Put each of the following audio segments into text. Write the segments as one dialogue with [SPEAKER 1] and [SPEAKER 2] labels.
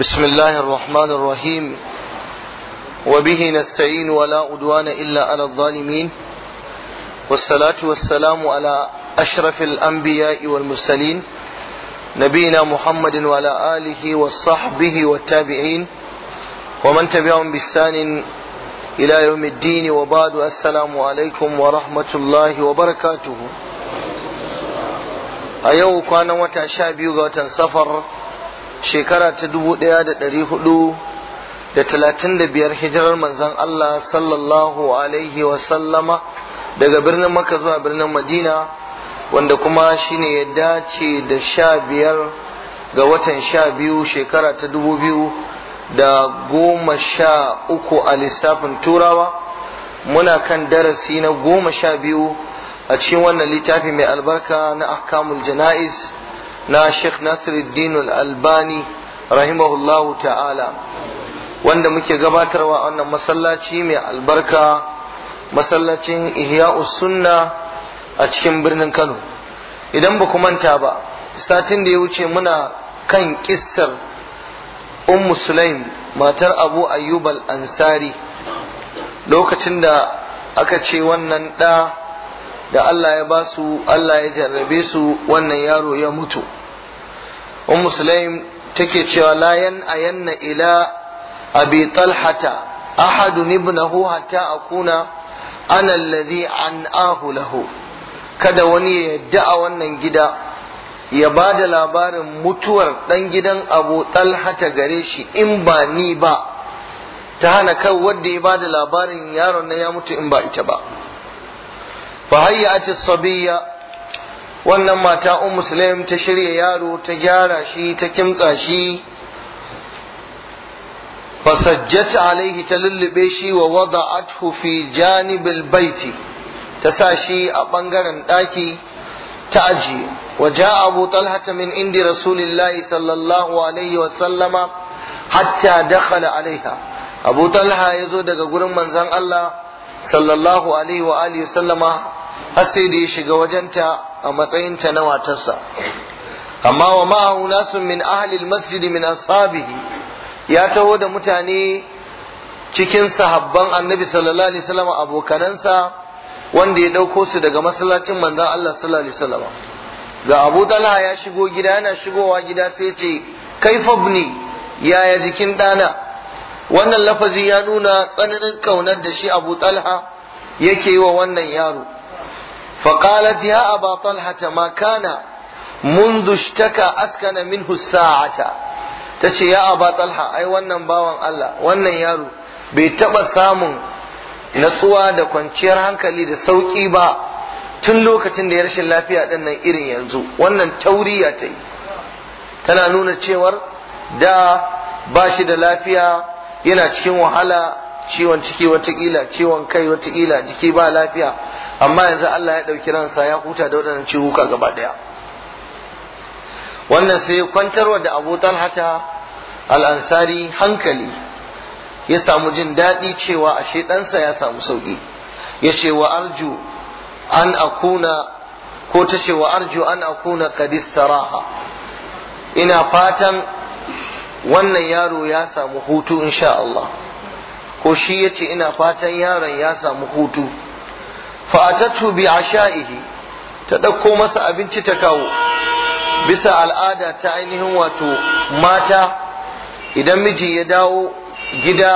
[SPEAKER 1] بسم الله الرحمن الرحيم وبه نستعين ولا أدوان إلا على الظالمين والصلاة والسلام على أشرف الأنبياء والمرسلين نبينا محمد وعلى آله وصحبه والتابعين ومن تبعهم بإحسان إلى يوم الدين وبعد السلام عليكم ورحمة الله وبركاته أيوه كان وتعشى بيوغة سفر shekara ta dubu ɗaya da ɗari hudu da talatin da biyar hijirar manzon Allah sallallahu alaihi wasallama daga birnin maka zuwa birnin Madina wanda kuma shi ne ya dace da sha biyar ga watan sha biyu shekara ta dubu biyu da goma sha uku a lissafin turawa muna kan darasi na goma sha biyu a cikin wannan littafi mai albarka na ahkamul jana'iz na Sheikh Nasiruddin Al-Albani rahimahullahu ta'ala wanda muke gabatarwa a wannan masallaci mai albarka masallacin Ihya'us Sunna a cikin birnin Kano idan ba ku manta ba satin da ya wuce muna kan kissar Ummu Sulaim matar Abu Ayyub Al-Ansari lokacin da aka ce wannan da da Allah ya ba su Allah ya jarrabe su wannan yaro ya mutu ummu sulaim take cewa layan yan ayanna ila
[SPEAKER 2] abi talhata
[SPEAKER 1] ahadun ibnahu hatta akuna ana alladhi an'ahu lahu kada wani ya yadda a wannan gida ya ba da labarin mutuwar ɗan gidan abu talhata gare shi in ba ni ba ta hana kai wadda ya ba da labarin yaron na ya mutu in ba ita ba fa hayyati sabiyya wannan mata um ta shirya yaro ta gyara shi ta kimtsa shi fasajjat alaihi ta lullube shi wa wada'athu fi janibil baiti ta sa shi a bangaren daki ta aji wa ja'a abu talhata min indi rasulillahi sallallahu alaihi wa sallama hatta dakhala alaiha abu talha yazo daga gurin manzon Allah sallallahu alaihi wa alihi sallama har sai da ya shiga wajenta a matsayinta na matarsa amma wa ma nasu min ahli masjid min ashabihi ya taho da mutane cikin sahabban annabi sallallahu alaihi wasallam abokanansa wanda ya dauko su daga masallacin manzon Allah sallallahu alaihi wasallam ga Abu Talha ya shigo gida yana shigowa gida sai ce ne yaya jikin dana wannan lafazi ya nuna tsananin kaunar da shi abu talha yake yi wa wannan yaro فقالت يا أبا طلحة ما كان منذ اشتكى أسكن منه الساعة تشي يا أبا طلحة wannan ونن Allah. Wannan yaro bai بيتبا samun natsuwa da kwanciyar hankali da sauƙi ba tun lokacin da ya rashin lafiya ɗin nan irin yanzu wannan tauriya ta yi tana nuna cewar da ba shi da lafiya yana cikin wahala ciwon ciki watakila ciwon kai watakila jiki ba lafiya amma yanzu Allah ya ɗauki ransa ya huta da waɗannan ciwuka gaba ɗaya wannan sai kwantarwa da abu talhata al'ansari hankali ya samu jin daɗi cewa ashe ɗansa ya samu sauƙi ya ce wa arju an akuna ko ta ce wa arju an akuna kadis saraha ina fatan wannan yaro ya samu hutu insha Allah ko shi yace ina fatan yaron ya samu hutu fa atatu bi asha'ihi ta ɗauko masa abinci ta kawo bisa al'ada ta ainihin wato mata idan miji ya dawo gida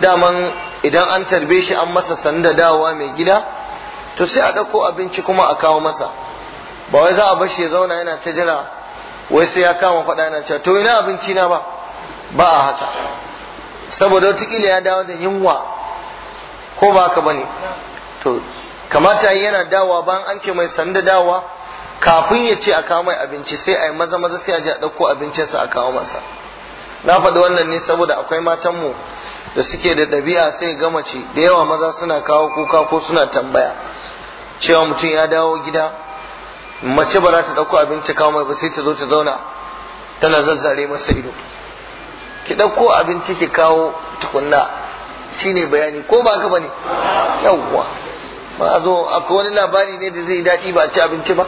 [SPEAKER 1] daman idan an tarbe shi an masa sanda dawowa mai gida to sai a ɗauko abinci kuma a kawo masa ba wai za a bar ya zauna yana ta jira wai sai ya kama faɗa yana cewa to ina abinci na ba ba a haka saboda wataƙila ya dawo da yunwa ko ba haka bane to kamata yana dawowa bayan an ce mai sanda dawowa kafin ya ce a kawo mai abinci sai a yi maza maza sai a ji a ɗauko abincinsa a kawo masa na faɗi wannan ne saboda akwai matanmu da suke da ɗabi'a sai ga mace da yawa maza suna kawo kuka ko suna tambaya cewa mutum ya dawo gida mace ba za ta ɗauko abinci kawo mai ba sai ta zo ta zauna tana zazzare masa ido ki ɗauko abinci ki kawo tukunna shine bayani ko ba ka bane yawwa ba zo akwai wani labari ne da zai daɗi ba ci abinci ba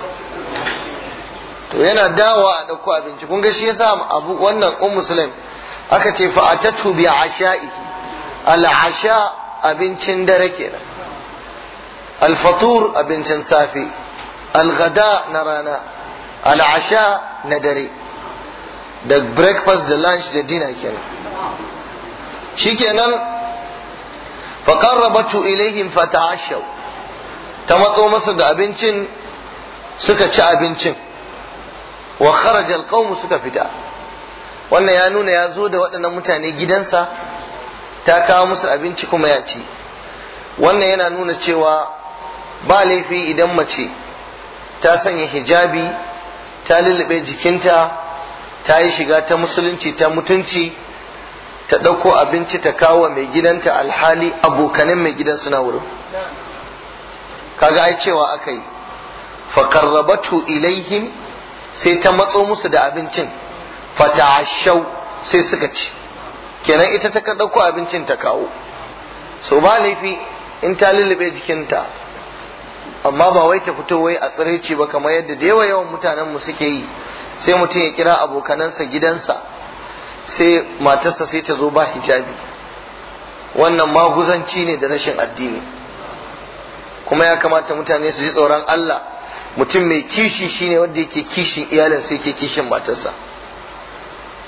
[SPEAKER 1] to yana dawa a ɗauko abinci kun ga shi yasa abu wannan um muslim aka ce fa atatu bi asha'i al asha abincin dare kenan al fatur abincin safe alghada na rana al'asha na dare da breakfast da lunch da dinner kenan shikenan fa qarrabatu ilaihim fata'ashaw ta matso masa da abincin suka ci abincin wa kharaja suka fita wannan ya nuna ya zo da waɗannan mutane gidansa ta kawo musu abinci kuma ya ci wannan yana nuna cewa ba laifi idan mace ta sanya hijabi ta lullube jikinta ta yi shiga ta musulunci ta mutunci ta ɗauko abinci ta kawo mai gidanta alhali abokanin mai gidan suna wurin kaga ai cewa aka yi faƙarrabatu ilaihim sai ta matso musu da abincin fatashau sai suka ci kenan ita ta ɗauko abincin ta kawo so ba laifi in ta lullube jikinta amma ba wai ta fito wai a ce ba kamar yadda da yawa yawan mutanen mu suke yi sai mutum ya kira abokanansa gidansa sai matarsa sai ta zo ba hijabi wannan maguzanci ne da rashin addini kuma ya kamata mutane su ji tsoron Allah mutum mai kishi shine wanda yake kishin iyalin sai yake kishin matarsa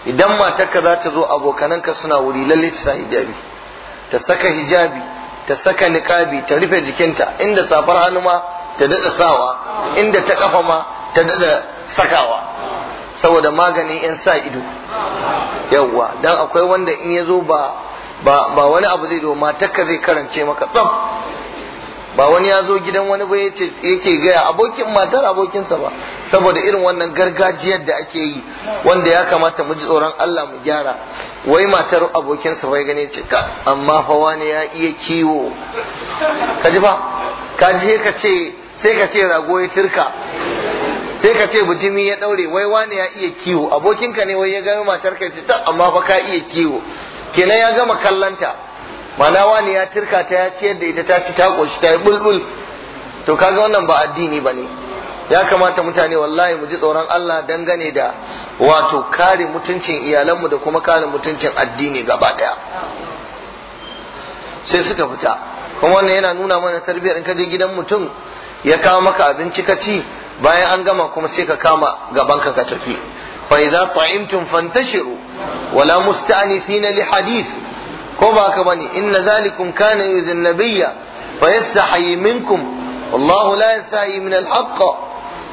[SPEAKER 1] idan matarka za ta zo abokananka suna wuri lalle ta sa hijabi ta saka hijabi ta saka niƙabi ta rufe jikinta inda safar hannu ma ta daɗa sawa inda ta ƙafa ma ta daɗa sakawa saboda magani yan sa ido yawwa dan akwai wanda in ya zo ba ba wani abu zai do, takka zai karance maka tsaf ba wani ya zo gidan wani ba yake gaya abokin matar abokinsa ba saboda irin wannan gargajiyar da ake yi wanda ya kamata mu ji tsoron Allah mu gyara wai matar abokinsa bai gane ce ka amma fa wani ya iya kiwo ka ji fa ka ji ka ce sai ka ce rago ya turka sai ka ce bujimi ya daure wai wani ya iya kiwo abokinka ne wai ya ga matar ka ce ta amma fa ka iya kiwo kenan ya gama kallanta mana wani ya tirka ta ya ciyar da ita ta ci ta koshi ta yi bulbul to kaga wannan ba addini ba ne ya kamata mutane wallahi mu ji tsoron Allah dangane da wato kare mutuncin iyalanmu da kuma kare mutuncin addini gaba daya sai suka fita kuma wannan yana nuna mana tarbiyyar in ka je gidan mutum
[SPEAKER 2] ya kawo maka
[SPEAKER 1] abinci ka ci bayan an gama kuma sai ka kama gaban ka ka tafi fa idza ta'imtum fantashiru wala musta'nisina li hadith ko ba haka bane inna zalikum kana yuzin nabiyya fa yastahi minkum wallahu la yastahi min alhaq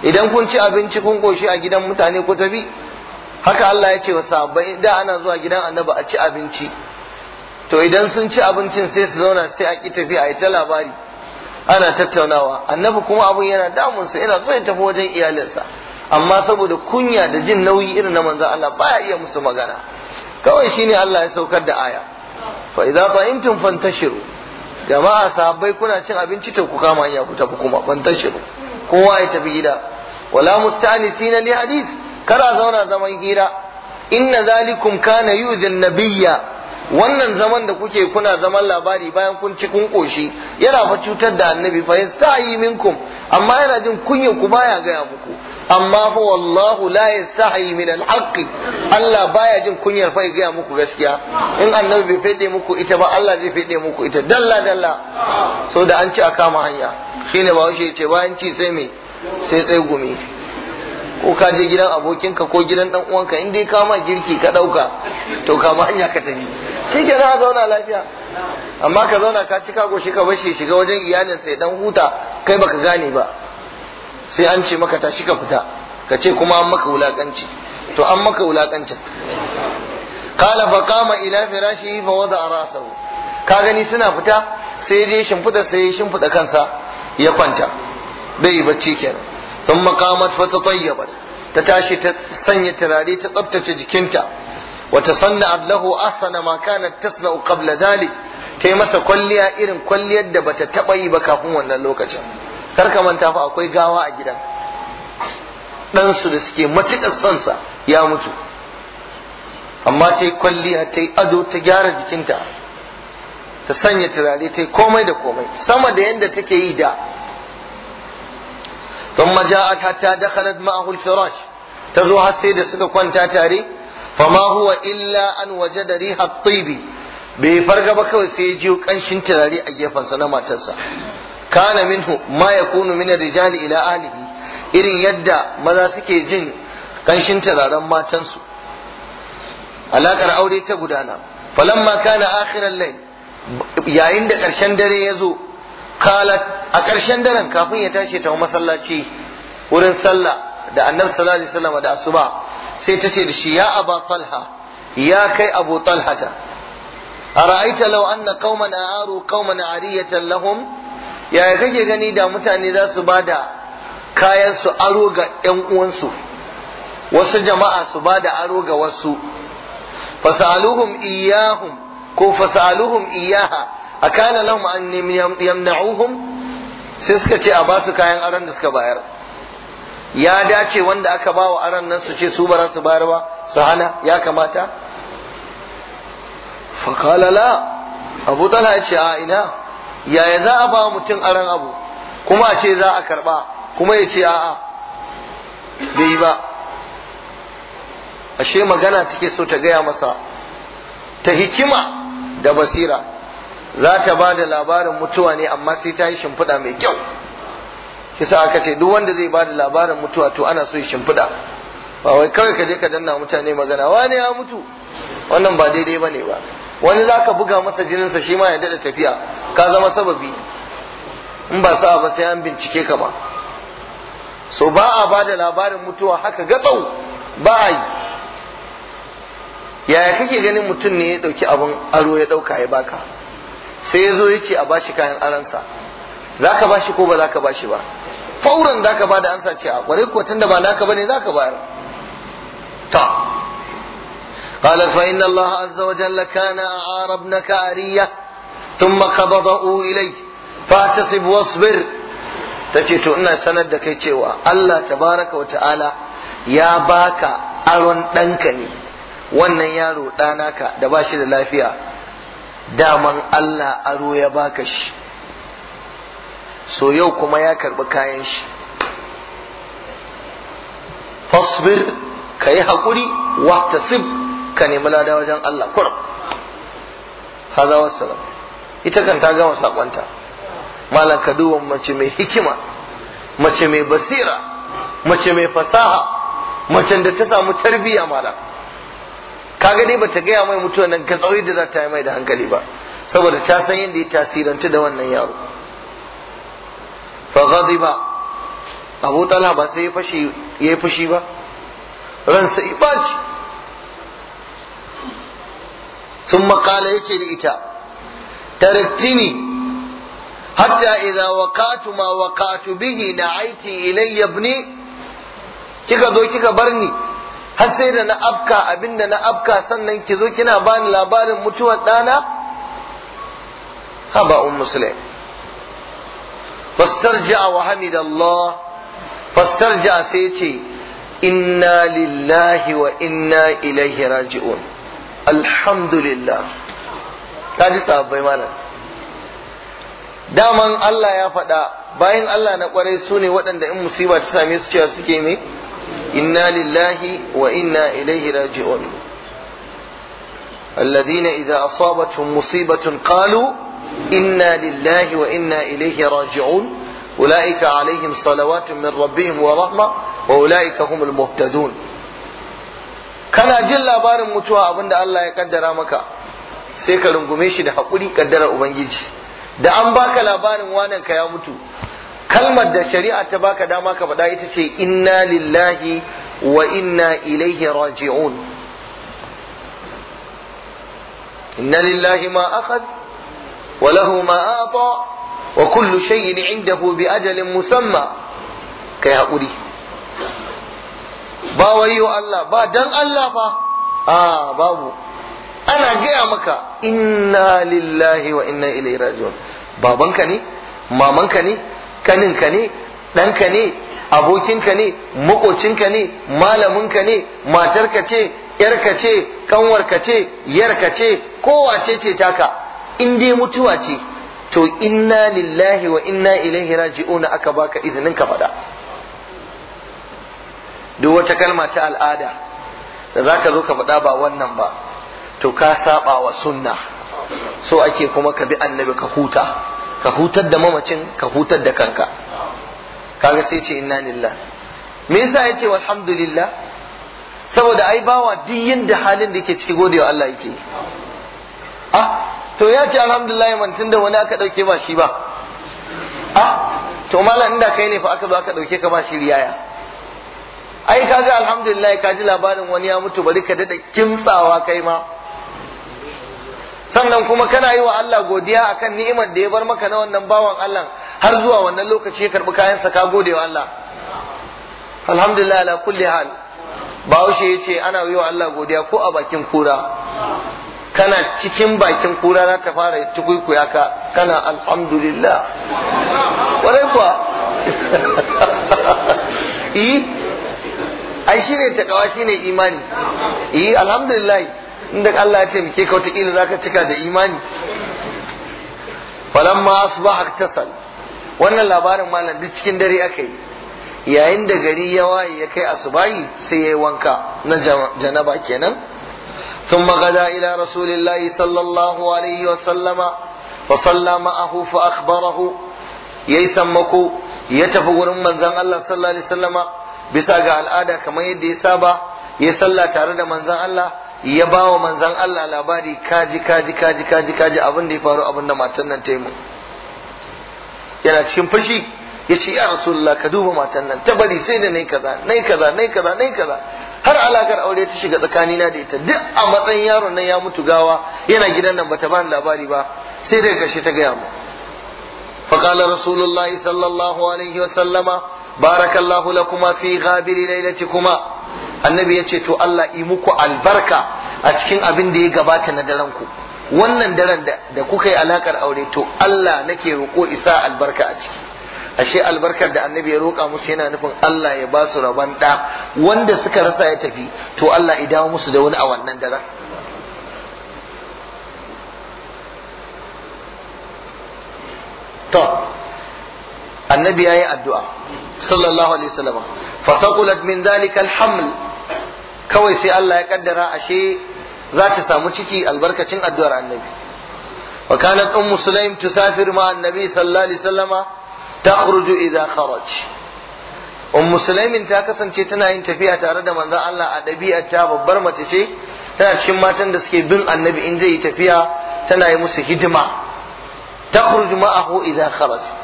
[SPEAKER 1] idan kun ci abinci kun koshi a gidan mutane ko tabi haka Allah ya ce wa sahabbai da ana zuwa gidan annabi a ci abinci to idan sun ci abincin sai su zauna sai a ki tafi a yi ta labari ana tattaunawa annabi kuma abun yana damun damunsa yana so ya tafi wajen iyalinsa amma saboda kunya da jin nauyi irin na manzon Allah baya iya musu magana kawai shine Allah ya saukar da aya fa idza ta'imtum fantashiru jama'a sahabbai kuna cin abinci to ku kama hanya ku tafi kuma fantashiru kowa ya tafi gida wala musta'nisina li hadith kara zauna zaman hira inna zalikum kana yuzin nabiyya wannan zaman da kuke kuna zaman labari bayan kun ci kun koshi yana fa cutar da annabi fa yasta'i minkum amma yana jin kunya ku baya gaya muku amma fa wallahu la yastahi min alhaq Allah baya jin kunyar fa ga muku gaskiya in annabi bai fede muku ita ba Allah zai fede muku ita dalla dalla so da an ci a kama hanya shine ba ce bayan ci sai me sai tsaye gumi ko ka je gidan abokinka ko gidan dan uwanka in dai kama girki ka dauka to kama hanya ka tafi shi ka za zauna lafiya amma ka zauna ka ci ka goshi ka bashi shiga wajen iyalin sai dan huta kai baka gane ba sai an ce maka tashi ka fita ka ce kuma an maka wulakanci to an maka wulakancin kala fa kama ila firashi fa wada rasahu ka gani suna fita sai dai shimfida sai shimfida kansa ya kwanta bai bacci kenan sun makamat fa tatayyabat ta tashi ta sanya turare ta tsabtace jikinta wata sanna Allahu asana ma kana tasna'u qabla dhalik ta masa kwalliya irin kwalliyar da bata taɓa yi ba kafin wannan lokacin Karka manta fa akwai gawa a gidan ɗansu da suke matuƙar sa ya mutu amma ta yi kwalliya ta yi ado ta gyara jikinta ta sanya turare ta yi komai da komai sama da yadda take yi da ثم جاءت حتى دخلت معه ta zo har sai da suka kwanta tare Famahuwa huwa illa an wajada riha at bai farga ba kawai sai ya ji kanshin turare a gefen sa na matarsa kana minhu ma yakunu min ar-rijali ila alihi irin yadda maza suke jin kanshin tararen matansu
[SPEAKER 2] alakar aure ta gudana falamma kana
[SPEAKER 1] akhiral layl yayin da ƙarshen dare ya zo a ƙarshen daren kafin ya tashi ta masallaci
[SPEAKER 2] wurin sallah
[SPEAKER 1] da annabi sallallahu alaihi wasallam da asuba sai ta ce da shi ya aba talha ya kai abu talhata ara'aita law anna qauman aaru qauman ariyatan lahum yaya kake gani da mutane za su ba da kayan aro ga ‘yan uwansu wasu jama'a su ba da aro ga wasu fasaluhum iyahum ko fasaluhum iyaha a kana lahum an yamna'uhum sai suka ce a ba su kayan aron da suka bayar ya dace wanda aka ba wa aron nan su ce su ba su bayar ba su hana ya kamata Fakalala. la abu talha ce a ina yaya za a ba mutum aran abu kuma a ce za a karba kuma ya ce a'a bai ba ashe magana take so ta gaya masa ta hikima da basira za ta ba da labarin mutuwa ne amma sai ta yi shimfiɗa mai kyau kisa aka ce duk wanda zai ba da labarin mutuwa to ana so yi shimfiɗa ba wai kawai ka je ka danna mutane magana wani ya mutu wannan ba daidai ba ne ba wani za ka buga masa jininsa shi ma ya daɗa tafiya ka zama sababi in ba sa ba sai an bincike ka ba so ba a ba da labarin mutuwa haka gatsau ba a yi yaya kake ganin mutum ne ya ɗauki abin aro ya ɗauka ya baka sai ya zo ya ce a bashi kayan aransa za ka bashi ko ba za ka bashi ba fauran za ka ba da ansa ce a kwarai kuwa da ba naka ba ne za ka bayar ta قال فإن الله عز وجل كان أعار ابنك أرية ثم قبضه إليه فاعتصب واصبر تجيتو إن سند كيتشيوا الله تبارك وتعالى
[SPEAKER 2] يا باكا
[SPEAKER 1] أرون دنكني wannan yaro ɗanaka da ba shi da lafiya daman Allah aro ya baka shi so yau kuma ya karɓi kayan shi fasbir ka haƙuri wata ka nemi lada wajen Allah kurum haza wassalam ita kan ta gama sakonta malam ka duba mace mai hikima mace mai basira mace mai fasaha mace da ta samu tarbiyya malam kaga dai bata gaya mai mutuwa nan ka tsauri da za ta yi mai da hankali ba saboda ta san yadda ya tasiranta da wannan yaro fa ba abu tala ba sai ya fashi ya fashi ba ransa ibaci sun makala yake da ita taraktini hatta idza waqatu ma waqatu bihi na'aiti ilayya ibni kika zo kika bar ni har sai da na afka abinda na afka sannan kizo kina bani labarin mutuwar ɗana haba um muslim fastarja wa hamidallah fastarja sai ce inna lillahi wa inna ilaihi raji'un alhamdulillah ta ji sahabbai malam daman Allah ya faɗa bayan Allah na kwarai su ne waɗanda in musiba ta same su cewa suke me inna lillahi wa inna ilaihi raji'un alladhina idza asabatuhum musibatun qalu inna lillahi wa inna ilaihi raji'un ulaika alaihim salawatun min rabbihim wa rahma wa ulaika humul muhtadun kana jin labarin mutuwa abinda Allah ya kaddara maka sai ka rungume shi da haƙuri kaddarar ubangiji da an baka labarin wanan ka ya mutu kalmar da shari'a ta baka dama ka faɗa ita ce inna lillahi wa inna ilaihi raji'un inna lillahi ma akhad wa lahu ma ata wa kullu shay'in indahu bi ajalin musamma kai haƙuri ba wayo Allah ba dan Allah fa a babu ana gaya maka inna lillahi wa inna ilaihi raji'un babanka ne mamanka ne kaninka ne ɗanka ne abokinka ne makocinka ne malaminka ne matarka ce yarka ce kanwarka ce yarka ce kowace ce taka in dai mutuwa ce to inna lillahi wa inna ilaihi raji'un aka baka izinin ka faɗa duk wata kalma ta al'ada da za ka zo ka faɗa ba wannan ba to ka saba wa sunna so ake kuma ka bi annabi ka huta ka hutar da mamacin ka hutar da kanka kaga sai ce inna lillah me yasa yace walhamdulillah saboda ai bawa duk yanda halin da yake ciki godewa Allah yake ah to ya ce alhamdulillah man tunda wani aka dauke ba shi ba ah to mallan inda kai ne fa aka zo aka dauke ka ba shi riyaya ai ka kaga alhamdulillah ji labarin wani ya mutu bari ka dada kimtsawa kai ma sannan kuma kana yi wa Allah godiya akan ni'imar da ya bar maka na wannan bawan Allah har zuwa wannan lokaci ya karbi kayan ka gode wa Allah
[SPEAKER 2] alhamdulillah ala kulli hal
[SPEAKER 1] bahaushe ya ce ana yi wa Allah godiya ko a bakin kura kana cikin bakin kura za ta fara tukuikuya ka kana alhamdulillah ƙwarai kuwa ai ne takawa shine imani yi alhamdulillah inda Allah ya taimake ka wata za zaka cika da imani falamma asbaha tasal wannan labarin malam duk cikin dare aka yi yayin da gari ya waye ya kai asubahi sai yayi wanka na janaba kenan Sun ila ثم sallallahu alaihi wa sallama wa sallama. ahu fa akhbarahu yayi sammako ya tafi من manzon Allah sallallahu alaihi wa Sallama. bisa ga al'ada kamar yadda ya saba ya sallah tare da manzon Allah ya ba wa manzon Allah labari kaji kaji kaji kaji kaji abin da ya faru abin da matan nan ta yi mun yana cikin fushi ya ce ya rasulullah ka duba matan nan ta bari sai da nai kaza nai kaza nai kaza nai kaza har alakar aure ta shiga tsakanina da ita duk a matsayin yaron nan ya mutu gawa yana gidan nan bata bani labari ba sai daga gashi ta gaya mu فقال رسول الله sallallahu alaihi wa sallama. barakallahu lakuma fi ghabiri lailatikuma annabi yace to Allah yi muku albarka a cikin abin da ya gabata na daren ku wannan daren da kuka yi alakar aure to Allah nake roƙo isa albarka a ciki ashe albarkar da annabi ya roƙa musu yana nufin Allah ya ba su rabon da wanda suka rasa ya tafi to Allah ya dawo musu da wani a wannan daren to annabi ya yi addu'a sallallahu alaihi wasallam fa saqulat min dhalika alhaml kawai sai Allah ya ƙaddara ashe zata samu ciki albarkacin addu'ar annabi wa kanat ummu sulaim tusafir annabi sallallahu alaihi wasallama takhruju idha kharaj ummu sulaimin ta kasance tana yin tafiya tare da manzon Allah a ɗabi'a ta babbar mace ce tana cikin matan da suke bin annabi in zai yi tafiya tana yi musu hidima takhruju ma'ahu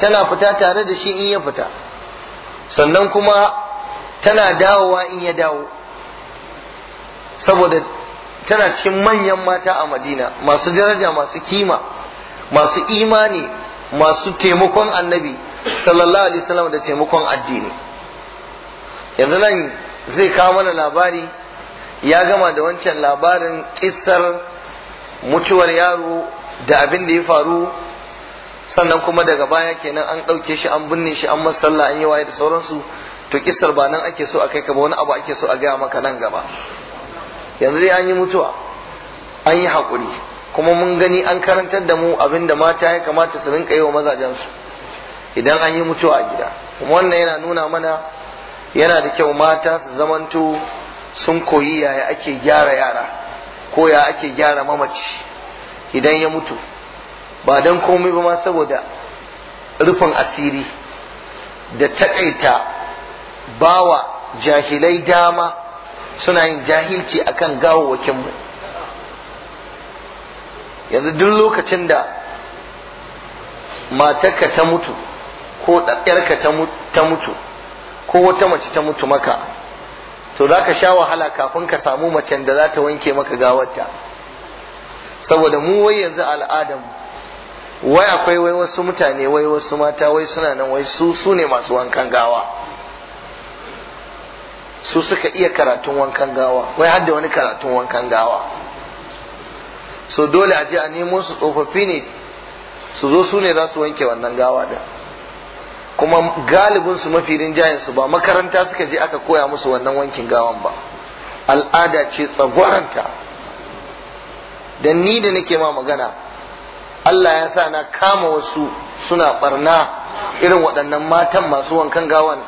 [SPEAKER 1] tana fita tare da shi in ya fita sannan kuma tana dawowa in ya dawo saboda tana cikin manyan mata a madina masu daraja masu kima masu imani masu taimakon annabi sallallahu alaihi wasallam da taimakon addini yanzu nan zai kawo mana labari ya gama da wancan labarin kissar mutuwar yaro da abin da ya faru sannan kuma daga baya kenan an ɗauke shi an binne shi an masa an yi waye da sauransu to kisar ba nan ake so a kai ka ba wani abu ake so a gaya maka nan gaba yanzu dai an yi mutuwa an yi haƙuri kuma mun gani an karantar da mu abin da mata ya kamata su rinka yi wa mazajensu idan an yi mutuwa a gida kuma wannan yana nuna mana yana da kyau mata su zamanto sun koyi yaya ake gyara yara ko ya ake gyara mamaci idan ya mutu ba don komai ba ma saboda rufin asiri da taƙaita bawa jahilai dama suna yin jahilci akan gawawwakinmu yanzu duk lokacin da matarka ta mutu ko ɗaɗɗarka ta mutu ko wata mace ta mutu maka to za ka sha wahala kafin ka samu macen da za ta wanke maka gawarta saboda mu wai yanzu al'adarmu wai akwai wai wasu mutane wai wasu mata wai suna nan wai su su ne masu wankan gawa su suka iya karatun wankan gawa wai har wani karatun wankan gawa so dole a je a nemo su tsofaffi ne su zo su ne za su wanke wannan gawa da kuma galibin su mafi rinjayen su ba makaranta suka je aka koya musu wannan wankin gawan ba al'ada ce tsagwaranta dan ni da nake ma magana Allah ya sa na kama wasu suna barna irin waɗannan matan masu wankan gawan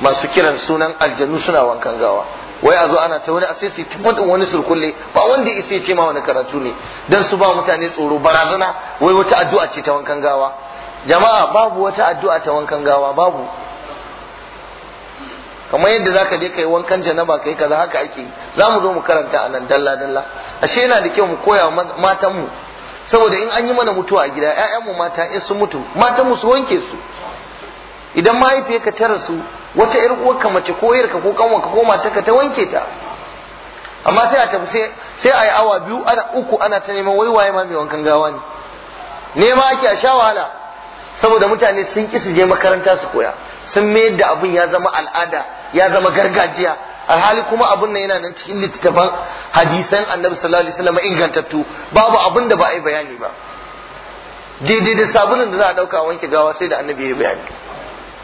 [SPEAKER 1] masu kiran sunan aljanu suna wankan gawa wai a zo ana ta wani asisi tabbatin wani surkulle ba wanda ya isa ce ma wani karatu ne Don su ba mutane tsoro barazana wai wata addu'a ce ta wankan gawa jama'a babu wata addu'a ta wankan gawa babu kamar yadda zaka je yi wankan janaba kai kaza haka ake za mu zo mu karanta a nan dalla dalla ashe yana da kyau mu koya matan mu saboda in an yi mana mutuwa a gida mu mata in sun mutu matan mu su wanke su idan mahaifiyarka ta rasu wata ƴar ka mace ko yarka ko kanwanka ko ta wanke ta amma sai a tafi sai a yi awa biyu ana uku ana ta neman wai waye ma mai wankan gawa ne nema ake a sha wahala saboda mutane sun ki su je makaranta su koya sun mayar da abin ya zama al'ada ya zama gargajiya alhali kuma abun nan yana nan cikin littattafan hadisan annabi sallallahu alaihi wasallam ingantattu babu abun da ba a yi bayani ba daidai da sabulun da za a dauka wanke gawa sai da annabi ya yi bayani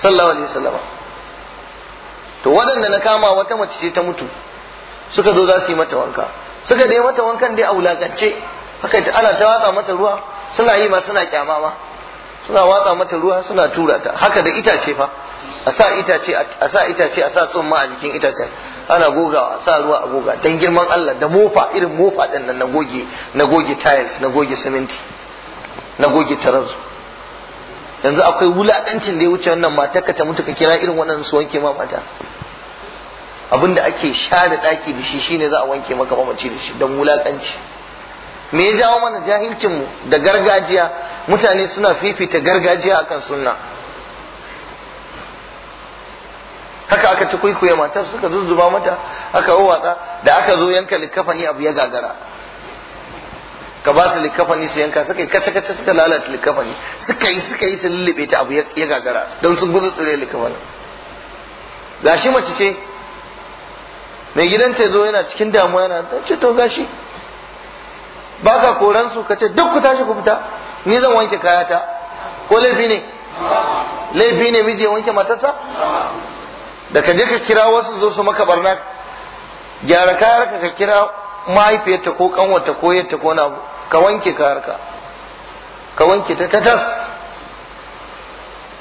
[SPEAKER 1] sallallahu alaihi wasallam to waɗanda na kama wata mace ce ta mutu suka zo za su yi mata wanka suka dai mata wankan dai a wulakance haka ta ana ta watsa mata ruwa suna yi ma suna kyama suna watsa mata ruwa suna tura ta haka da itace fa a sa itace a sa itace a tsumma a jikin itacen ana gogawa a sa ruwa a goga dan girman Allah da mofa irin mofa din nan na goge na goge tiles na goge siminti
[SPEAKER 2] na goge tarazu
[SPEAKER 1] yanzu akwai wulakancin da ya wuce wannan mata ka ta mutu ka kira irin wannan su wanke ma mata abinda ake share daki da shi shine za a wanke maka mamaci da shi dan wulakanci me ya jawo mana jahilcin mu da gargajiya mutane suna fifita gargajiya akan sunna haka aka ci kwaikwaye matar suka zuzzuba mata aka watsa da aka zo yanka likafani abu ya gagara ka ba su likafani su yanka suka yi kace kace suka lalata likafani suka yi suka yi su lullube ta abu ya gagara don sun gudu tsire likafani gashi mace ce mai gidan ta zo yana cikin damuwa yana ta ce to gashi ba ka koran su ka ce duk ku tashi ku fita ni zan wanke kayata ko laifi ne laifi ne miji ya wanke matarsa da ka je ka kira wasu zo su maka barna gyara kayarka ka kira mahaifiyarta ko kanwata ko yadda ko na ka wanke kayarka ka wanke ta tatas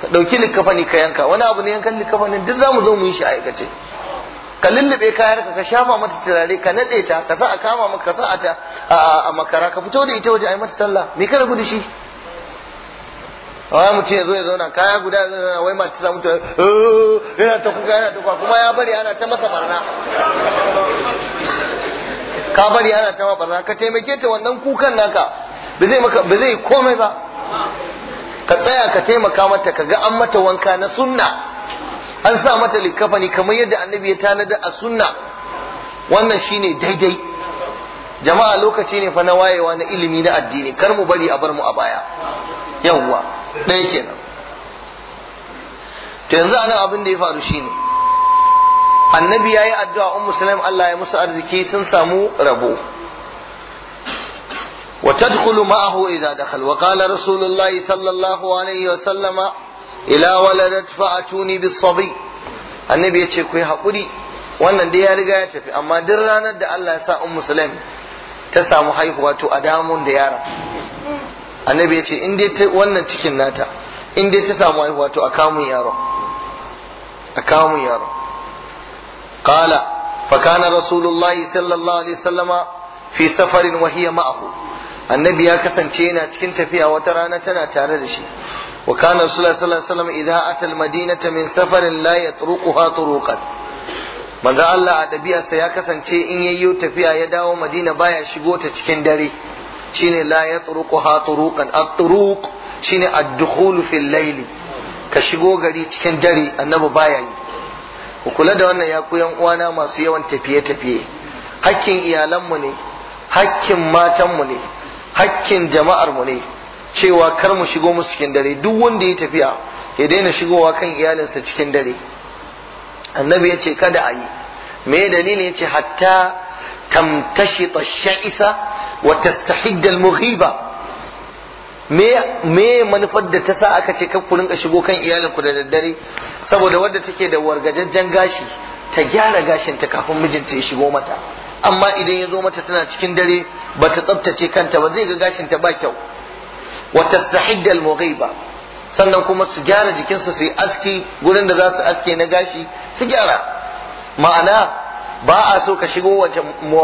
[SPEAKER 1] ka ɗauki likafani ka yanka wani abu ne yankan likafanin duk zamu zo mu yi shi a aikace ka lullube kayarka ka shafa mata turare ka naɗe ta ka sa a kama maka ka sa a makara ka fito da ita waje a yi mata sallah me ka rabu da shi wai mutum ya zo ya zauna kaya guda zai zauna wai mace ta mutu eh, yana ta kuka yana ta kuka kuma ya bari ana ta masa barna ka bari ana ta masa barna ka taimake ta wannan kukan naka ba zai maka ba zai komai ba ka tsaya ka taimaka mata ka ga an mata wanka na sunna an sa mata likafani kamar yadda annabi ya tanada a sunna wannan shine daidai jama'a lokaci ne fa na wayewa na ilimi na addini kar mu bari a bar mu a baya yawwa ɗaya kenan to yanzu anan abin da ya faru shine annabi ya yi addu'a un sulaim Allah ya musu arziki sun samu rabo وتدخل معه إذا دخل sallallahu alaihi wa sallama الله عليه وسلم إلى ولدت annabi ya ce ku yi haƙuri wannan dai ya riga ya tafi amma duk ranar da Allah ya sa ummu ta samu haihuwa to adamun da yara annabi ya ce in dai ta wannan cikin nata in dai ta samu haihuwa to a kawo mun yaro a kawo mun yaro qala fa kana rasulullahi sallallahu alaihi wasallama fi safarin wa hiya ma'ahu annabi ya kasance yana cikin tafiya wata rana tana tare da shi wa kana rasulullahi sallallahu alaihi wasallam idza ata almadinata min safarin la yatruquha turuqan manzo Allah a ɗabi'arsa ya kasance in yayyo tafiya ya dawo Madina baya shigo ta cikin dare shine la ha turuqan at-turuq shine ad-dukhul al layli ka shigo gari cikin dare annabi baya yi ku kula da wannan ya ku yan uwana masu yawan tafiye tafiye hakkin mu ne hakkin mu ne hakkin jama'ar mu ne cewa kar mu shigo musu cikin dare duk wanda ya tafiya ya daina shigowa kan iyalinsa cikin dare annabi ya ce kada a yi me dalili yace hatta تمتشط الشائسة وتستحد المغيبة me me manufar da ta sa aka ce kan rinka shigo kan iyalinku da daddare saboda wadda take da wargajajjen gashi ta gyara gashinta kafin mijinta ya shigo mata amma idan ya zo mata tana cikin dare ba ta tsabtace kanta ba zai ga gashin ta ba kyau wa tastahid al sannan kuma su gyara jikinsu su yi aski gurin da za su aske na gashi su gyara ma'ana ba a so ka shigo wace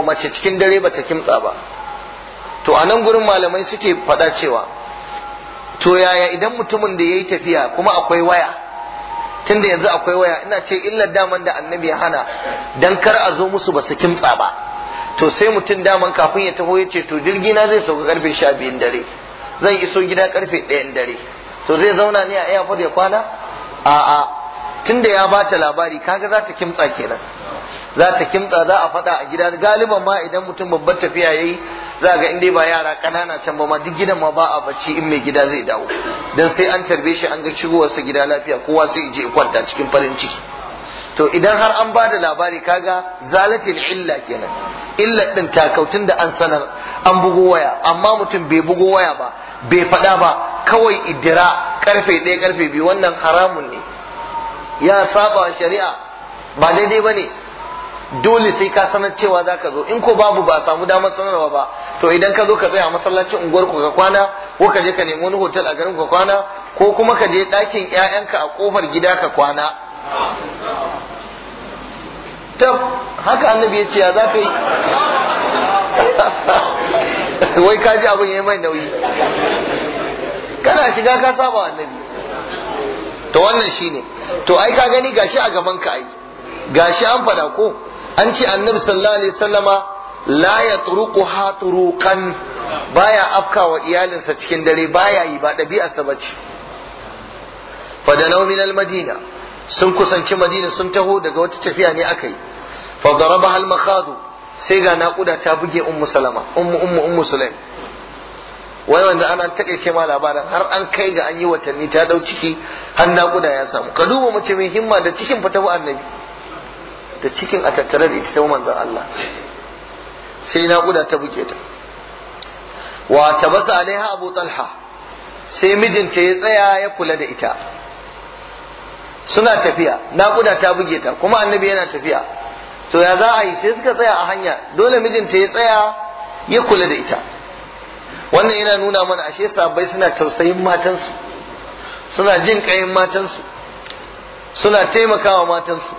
[SPEAKER 1] mace cikin dare ba ta kimtsa ba to a nan gurin malamai suke faɗa cewa to yaya idan mutumin da ya yi tafiya kuma akwai waya tunda yanzu akwai waya ina ce illar daman da annabi ya hana dan kar a zo musu ba su kimtsa ba to sai mutum daman kafin ya taho yace to jirgi na zai sauka karfe sha biyun dare zan iso gida karfe ɗayan dare to zai zauna ne a airport ya kwana a'a tunda ya bata labari kaga za ta kimtsa kenan za ta kimtsa za a faɗa a gida galiban ma idan mutum babbar tafiya yayi za ga in ba yara ƙanana can ba ma duk gidan ma ba a bacci in mai gida zai dawo dan sai an tarbe shi an ga shigowarsa gida lafiya kowa sai je kwanta cikin farin ciki to idan har an bada labari kaga zalatil illa kenan illa din takautun da an sanar an bugo waya amma mutum bai bugo waya ba bai faɗa ba kawai idira karfe ɗaya karfe biyu wannan haramun ne ya saba shari'a ba daidai ba ne dole sai ka sanar cewa za ka zo in ko babu ba samu damar sanarwa ba to idan ka zo ka tsaya a masallacin unguwar ku ka kwana ko ka je ka nemi wani hotel a garin ka kwana ko kuma ka je ɗakin ƴaƴanka a kofar gida ka kwana tab haka annabi ya ce ya za ka yi wai ka ji abin ya mai nauyi kana shiga ka saba annabi to wannan shine to ai ka gani gashi a gaban ka ai gashi an faɗa ko an ce annabi sallallahu alaihi wasallama la ha turukan baya afkawa iyalinsa cikin dare baya yi ba ɗabi'arsa bace da min madina sun kusanci madina sun taho daga wata tafiya ne aka yi fa daraba hal makhadu sai ga naƙuda ta buge ummu salama ummu ummu ummu sulaim wai wanda ana takaice ma labarin har an kai ga an yi watanni ta dau ciki har naƙuda ya samu ka duba mace mai himma da cikin fatawa annabi da cikin a tattare da ita ta manzon Allah sai naƙuda ta buke ta wa tabasa alaiha abu talha sai mijinta ya tsaya ya kula da ita suna tafiya naƙuda ta buge ta kuma annabi yana tafiya to ya za a yi sai suka tsaya a hanya dole mijinta ya tsaya ya kula da ita wannan yana nuna mana ashe sabai suna tausayin matansu suna jin ƙayin matansu suna taimakawa matansu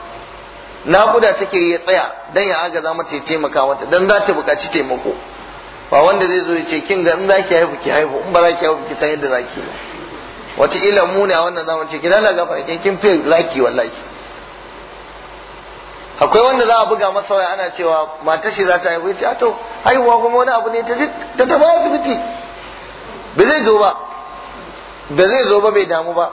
[SPEAKER 1] naƙuda take ya tsaya dan ya ga mata ce taimaka mata dan za ta buƙaci taimako ba wanda zai zo ya ce kin ga in za ki haihu ki haihu in ba za ki haihu ki san yadda za ki wata ila mu ne a wannan zaman ce ki dala ke kin kin fi laki wallahi akwai wanda za a buga masa waya ana cewa matar shi za ta haihu ce to haihuwa kuma wani abu ne ta tafi asibiti ba zai zo ba ba zai zo ba bai damu ba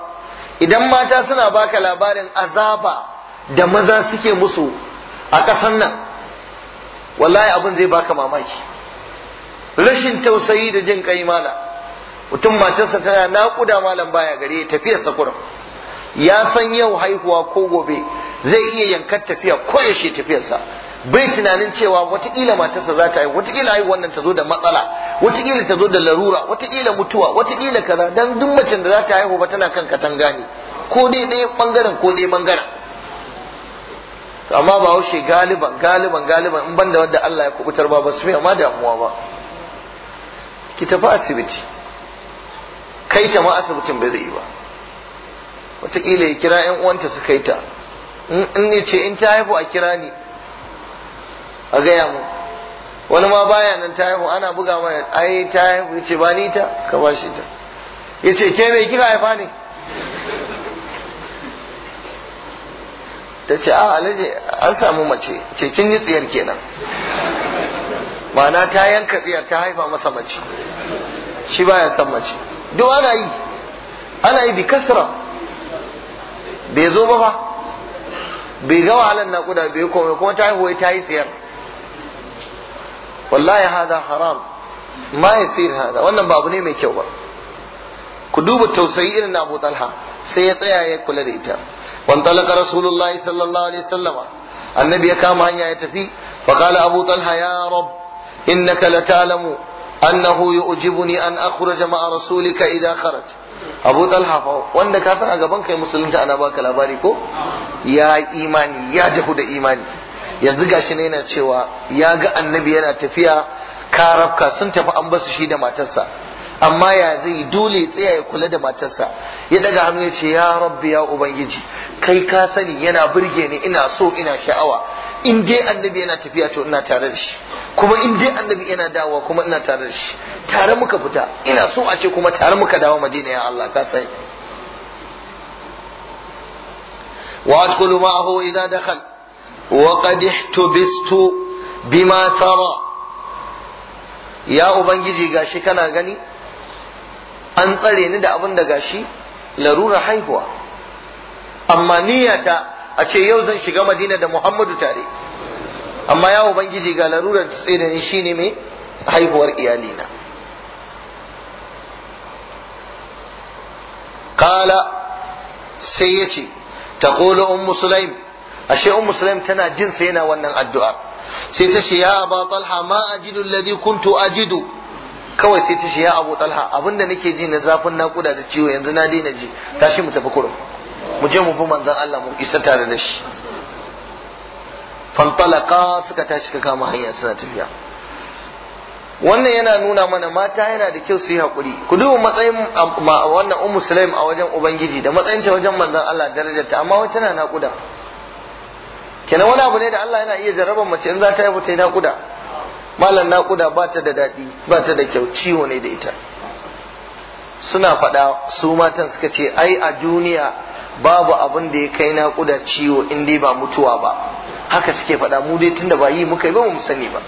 [SPEAKER 1] idan mata suna baka labarin azaba da maza suke musu a ƙasan nan wallahi abin zai baka mamaki rashin tausayi da jin kai mala mutum matarsa tana naƙuda malam baya gare tafiya sakurin ya san yau haihuwa ko gobe zai iya yankar tafiya ko tafiyarsa bai tunanin cewa watakila matarsa za ta haihu watakila haihuwar ta zo da matsala watakila ta zo da larura watakila mutuwa watakila kaza dan duk macen da za ta haihu ba tana kan katanga ne ko dai ɗaya bangaren ko dai bangaren to amma ba haushe galiban galiban galiban in banda wanda Allah ya kubutar ba ba su fiye ma damuwa ba ki tafi asibiti kai ta ma asibitin bai zai ba wataƙila ya kira yan uwanta su kai ta in ne ce in ta haihu a kira ni a gaya mu wani ma baya nan ta haihu ana buga mana ai ta haihu ce ba ni ta ka ba shi ta ya ce ke mai kika haifa ne ta ce a ah, alaji an samu mace ce kin yi tsiyar kenan ma'ana ta yanka tsiyar ta haifa masa mace shi baya san mace duk ana yi ana yi bi kasra bai zo ba ba bai ga wahalar naƙuda bai komai kuma ta haihuwa ta yi tsiyar wallahi hada haram ma tsiyar hada wannan babu ne mai kyau ba ku duba tausayi irin na Abu Talha sai ya tsaya ya kula da ita wantalaka rasulullahi sallallahu alaihi sallama
[SPEAKER 2] annabi ya kama hanya
[SPEAKER 1] ya tafi faƙala abu talha ya rab innaka la ta'lamu annahu yu'jibuni an akhruja jama'a rasulika idza kharaj abu talha wanda ka san gaban kai musulunta ana baka labari ko ya imani ya jahu da imani yanzu gashi ne yana cewa ya ga annabi yana tafiya karafka sun tafi an basu shi da matarsa amma ya zai dole tsaya ya kula da matarsa ya daga hannu ya ce ya rabbi ya ubangiji kai ka sani yana burge ni ina so ina sha'awa in dai annabi yana tafiya to ina tare da shi kuma in dai annabi yana dawowa kuma ina tare da shi tare muka fita ina so a ce kuma tare muka dawo madina ya Allah ka sani wa adkhulu ma'ahu idza dakhal wa qad ihtubistu bima tara ya ubangiji gashi kana gani an tsare ni da abin da gashi larura haihuwa amma niyyata a ce yau zan shiga madina da muhammadu tare amma ya ubangiji ga larurar tsere ni shine mai haihuwar iyalina kala sai ya ce ta kola ummu sulaim ashe ummu sulaim tana jin sai yana wannan addu'a sai ta ce ya ba talha ma ajidu alladhi kuntu ajidu kawai sai ta ya abu talha abinda nake ji na zafin naƙuda da ciwo yanzu na daina ji tashi mu tafi kurum mu je mu bi manzon Allah mu isa tare da shi fantalaka suka tashi ka kama hanya suna tafiya wannan yana nuna mana mata yana da kyau su yi haƙuri ku duba matsayin um, wannan ummu sulaim a wajen ubangiji da matsayin ta wajen manzon Allah darajarta amma wacce na naƙuda kenan wani abu ne da Allah yana iya jarabar mace in za ta yi ta yi naƙuda malam nakuda ba ta da daɗi ba ta da kyau ciwo ne da ita suna faɗa su matan suka ce ai a duniya babu abin da ya kai naƙuda ciwo in dai ba mutuwa ba haka suke faɗa mu dai tunda ba yi muka yi ba mu sani ba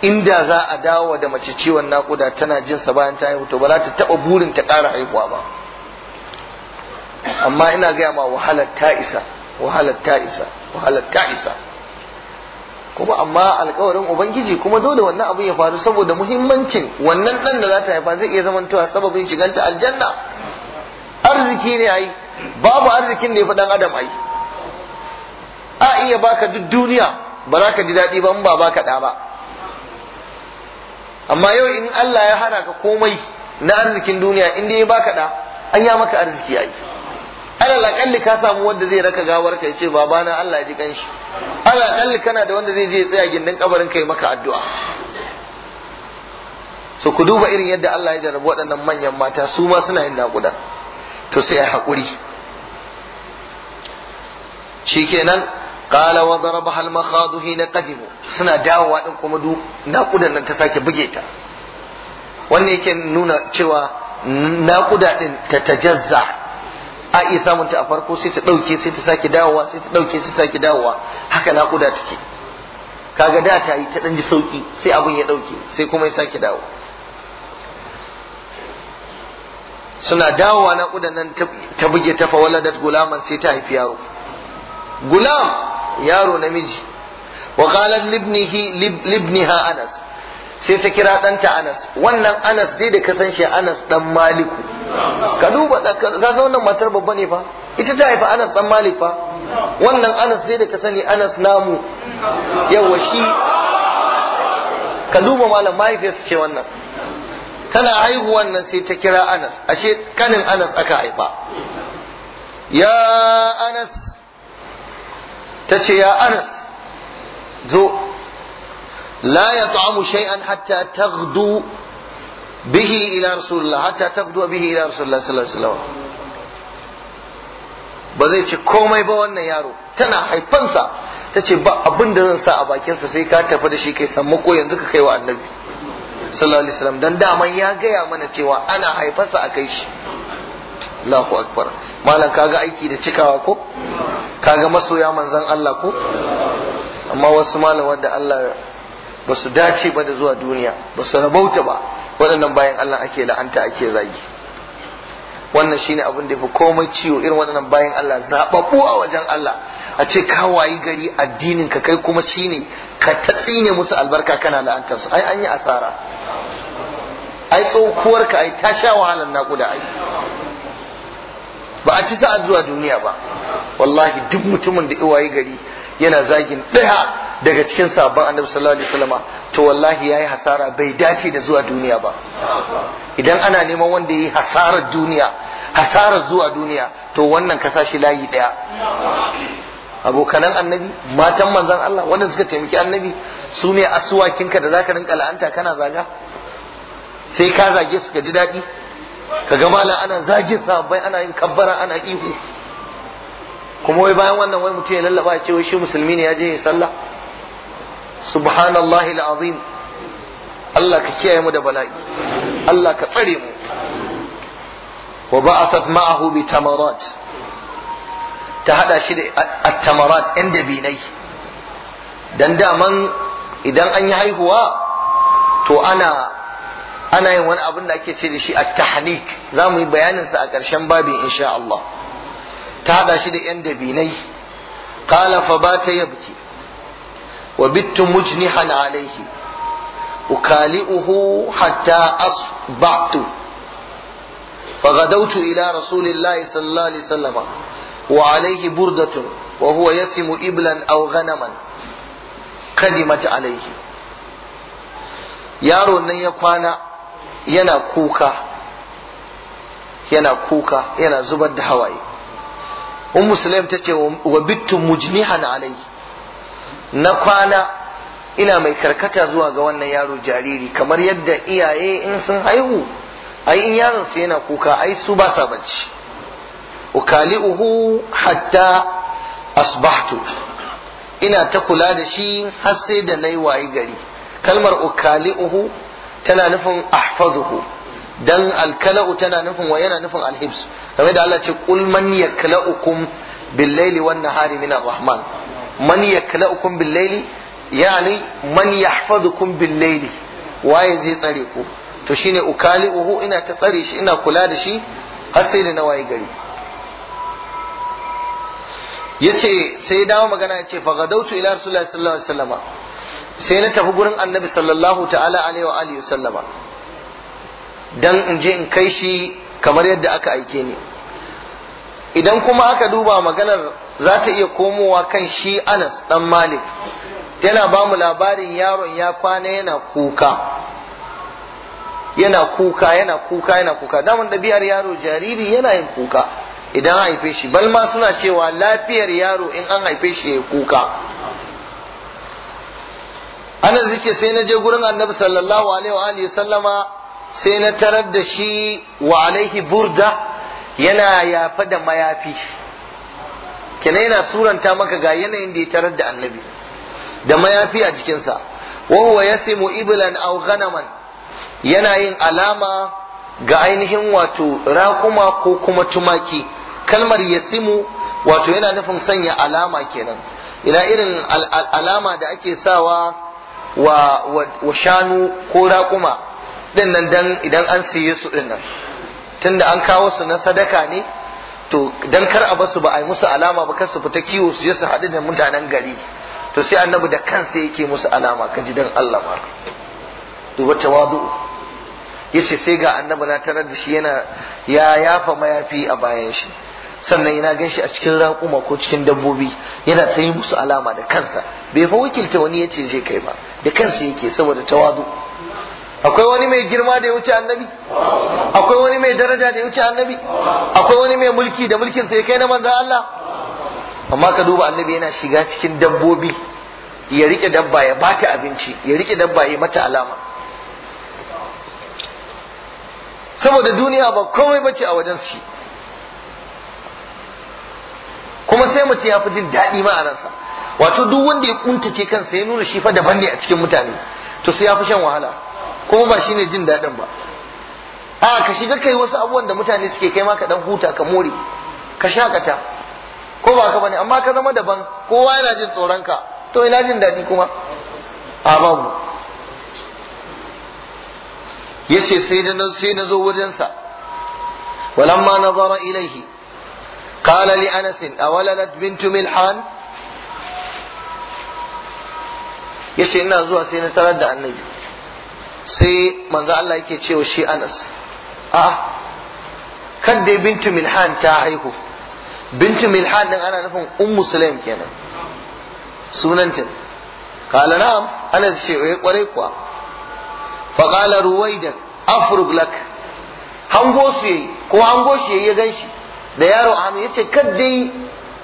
[SPEAKER 1] inda za a dawo da mace ciwon naƙuda tana jin sa bayan ta haihu to ba za ta taɓa burin ta ƙara haihuwa ba amma ina gaya ma wahalar ta wahalar ta wahalar ta isa kuma amma alkawarin ubangiji kuma dole wannan abu ya faru saboda muhimmancin wannan dan da za ta haifa zai iya zamantawa sababin shiganta aljanna arziki ne ai babu arzikin da ya fi dan adam ai a iya baka duk duniya ba za ka ji daɗi ba ba baka ɗa ba amma yau in Allah ya hana ka komai na arzikin duniya in dai ya baka ɗa an ya maka arziki ai alal akalli ka samu wanda zai raka gawar ka ce babana Allah ya ji kanshi alal akalli kana da wanda zai je tsaya gindin kabarin kai maka addu'a so ku duba irin yadda Allah ya jarabu waɗannan manyan mata su ma suna yin naƙuda to sai a haƙuri shikenan qala wa daraba hal makhadu hina qadimu suna dawowa din kuma du naƙudan nan ta sake buge ta wannan yake nuna cewa naƙuda din ta tajazza a iya samun ta a farko sai ta dauke sai ta sake dawowa sai ta dauke sai ta sake dawowa haka na kuda take kaga da ta yi ta dan ji sauki sai abun ya dauke sai kuma ya sake dawo suna dawowa na kudan nan ta buge ta fa waladat gulaman sai ta haifi yaro gulam yaro namiji wa qalat libnihi libniha anas sai ta kira ɗanta Anas wannan Anas dai da ka shi Anas dan Maliku ka duba ka san wannan matar babba ne fa ita ta haifa Anas dan Malik fa wannan Anas dai da ka sani Anas namu yawa shi ka duba malam mahaifiyarsa ce wannan tana haihuwan nan sai ta kira Anas ashe kanin Anas aka haifa ya Anas ta ce ya Anas zo la yat'amu shay'an hatta taghdu bihi ila rasulullah hatta taghdu bihi ila rasulullah sallallahu alaihi wasallam ba zai ci komai ba wannan yaro tana haifansa ta ce ba abin da zan sa a bakinsa sai ka tafi da shi kai sammu ko yanzu ka kai wa annabi sallallahu alaihi wasallam dan daman ya gaya mana cewa ana haifansa a kai shi Allahu akbar malam kaga aiki da cikawa ko kaga masoya manzon Allah ko amma wasu malam wanda Allah ba su dace ba da zuwa duniya ba su rabauta ba waɗannan bayan Allah ake la'anta ake zagi wannan shine abin da fi komai ciwo irin waɗannan bayan Allah zaɓaɓɓu a wajen Allah a ce ka wayi gari addinin ka kai kuma shine ka tatsine musu albarka kana la'antar su ai an yi asara
[SPEAKER 2] ai tsohuwar ka ai ta sha wahalar
[SPEAKER 1] naƙuda ai ba a ci sa'a zuwa duniya ba wallahi duk mutumin da iwaye gari yana zagin ɗaya daga cikin sabon annabi sallallahu alaihi wasallam to wallahi yayi hasara bai dace da zuwa duniya ba idan ana neman wanda yayi hasarar duniya hasarar zuwa duniya to wannan ka sashi layi ɗaya abokanan annabi matan manzon Allah wanda suka taimaki annabi su ne asuwakinka da zaka rinka la'anta kana zaga sai ka zage su ka ji daɗi ka ga malam ana zagin sabai ana yin kabbara ana ihu kuma wai bayan wannan wai mutum ya lallaba ya ce wai shi musulmi ne ya je ya sallah subhanallahi alazim Allah ka kiyaye mu da bala'i Allah ka tsare mu wa ba'athat ma'ahu bi tamarat ta hada shi da at-tamarat ɗan dabinai dan daman idan an yi haihuwa to ana ana yin wani abin da ake ce da shi at-tahnik za mu yi bayanin sa a ƙarshen babin insha Allah Ta hada shi da ƴan dabinai, ƙalafaba ta yabki, wa bittun mujni hana alaihi, hatta as batu, faga ila rasulillah sallallahu alaihi wa Wa alaihi burda wa yasi mu iblan au ganaman, kadi mata alaihi. Yaron na ya kwana yana kuka, yana kuka yana zubar da hawaye. um muslim ta ce wa bittu mujnihan alai na kwana ina mai karkata zuwa ga wannan yaro jariri kamar yadda iyaye in sun haihu ai in yaron su yana kuka ai su ba sa bacci ukali'uhu hatta asbahtu ina ta kula da shi har sai da nayi wayi gari kalmar ukali'uhu tana nufin ahfazuhu dan alkala'u tana nufin wa yana nufin alhibs kamar da Allah ce qul man yakla'ukum bil-laili wan-nahari min arrahman man yakla'ukum bil-laili yani man yahfazukum bil-laili waye zai tsare ku to shine ukali'uhu ina ta tsare shi ina kula da shi har sai na waye gari yace sai ya dawo magana yace fa gadautu ila rasulullahi sallallahu alaihi wasallama sai na tafi gurin annabi sallallahu ta'ala alaihi wa alihi wasallama dan in je in kai shi kamar yadda aka aike ni idan kuma aka duba maganar za ta iya komowa kan shi anas dan malik yana ba mu labarin yaron ya kwana yana kuka yana kuka yana kuka yana kuka ɗabi'ar yaro jariri yana yin kuka idan an haife shi balma suna cewa lafiyar yaro in an haife shi ya kuka anas yace sai na je gurin annabi sallallahu alaihi wa sallama sai na tarar da shi wa alaihi burda yana yafa da mayafi kina yana suranta maka ga yanayin da ya tarar da annabi da mayafi a jikinsa wa ya yasimu Ibilan au ghanaman yana yin alama ga ainihin wato raƙuma ko kuma tumaki kalmar yasimu wato yana nufin sanya alama kenan ina irin alama da ake sawa wa, shanu ko raƙuma din nan dan idan an siye su din nan tunda an kawo su na sadaka ne to dan kar a basu ba a yi musu alama ba kar su fita kiwo su je su haɗu da mutanen gari to sai annabi da kansa yake musu alama kaji dan Allah ma wata tawadu yace sai ga annabi na tarar da shi yana ya yafa mayafi a bayan shi sannan yana gan shi a cikin raƙuma ko cikin dabbobi yana ta yi musu alama da kansa bai fa wakilta wani yace je kai ba da kansa yake saboda tawadu' akwai wani mai girma da ya wuce annabi akwai wani mai daraja da ya wuce annabi akwai wani mai mulki da mulkin ya kai na manzon Allah amma ka duba annabi yana shiga cikin dabbobi ya rike dabba ya bata abinci ya rike dabba ya mata alama saboda duniya ba komai bace a wajen shi kuma sai mutum ya fi jin daɗi ma a ransa wato duk wanda ya kuntace kansa ya nuna shi fa daban ne a cikin mutane to sai ya fi shan wahala kuma ba shine jin daɗin ba a ka shiga kai wasu abubuwan da mutane suke kai maka dan huta ka more ka shakata ko ba ka bane amma ka zama daban kowa yana jin tsoron ka to ina jin daɗi kuma a babu yace sai na sai na zo wajen sa walamma nazara ilaihi qala li anas awalalat bintu milhan yace ina zuwa sai na tarar da annabi sai manzo Allah yake cewa shi Anas a kan dai bintu Milhan ta haihu bintu Milhan din ana nufin ummu Sulaim kenan sunanta kala na'am Anas ce eh kwarai kuwa fa qala Ruwaida afrug lak hango su yayi ko hango shi ya ganshi da yaro a yace kan dai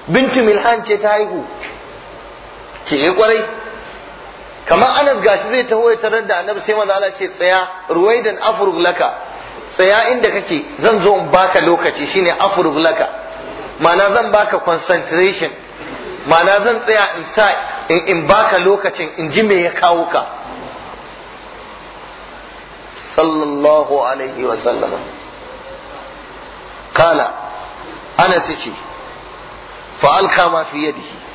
[SPEAKER 1] bintu Milhan ce ta haihu ce eh kwarai kamar anas gashi zai taho ya tarar da annabi sai manzo Allah ce tsaya ruwaidan afrug laka tsaya inda kake zan zo in baka lokaci shine afrug laka ma'ana zan baka concentration ma'ana zan tsaya in sa in baka lokacin in ji me ya kawo ka sallallahu alaihi wa sallama kala ana ce fa alka ma fi yadihi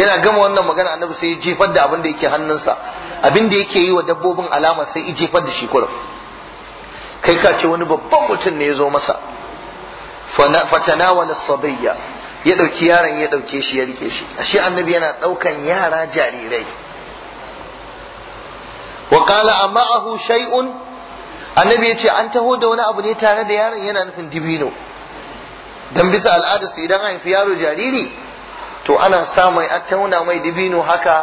[SPEAKER 1] yana gama wannan magana annabi sai ya jefar da abin da yake hannunsa abin da yake yi wa dabbobin alama sai ya jefar da shi kurum kai ka ce wani babban mutum ne ya zo masa fatanawala sabayya ya dauki yaron ya dauke shi ya rike shi ashe annabi yana daukan yara jarirai wa qala ahu shay'un annabi yace an taho da wani abu ne tare da yaron yana nufin dibino dan bisa al'ada su idan an fi yaro jariri to ana sa mai a tauna mai dabino haka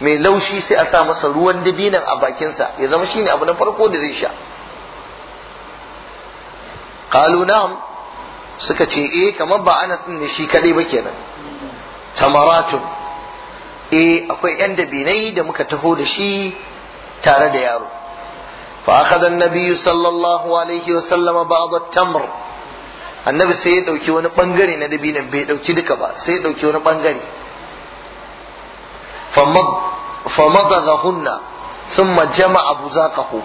[SPEAKER 1] mai laushi sai a sa masa ruwan dibinan a bakinsa ya zama shine abu na farko da zai sha qalu na'am suka ce eh kamar ba ana sun ne shi kadai ba kenan tamaratun eh akwai yan dabinai da muka taho da shi tare da yaro fa akhadha an-nabiy sallallahu alaihi wa sallama ba'd at-tamr annabi sai ya ɗauki wani ɓangare na dabinan bai ɗauki duka ba sai ya ɗauki wani ɓangare famadadahunna thumma jama'a buzaqahu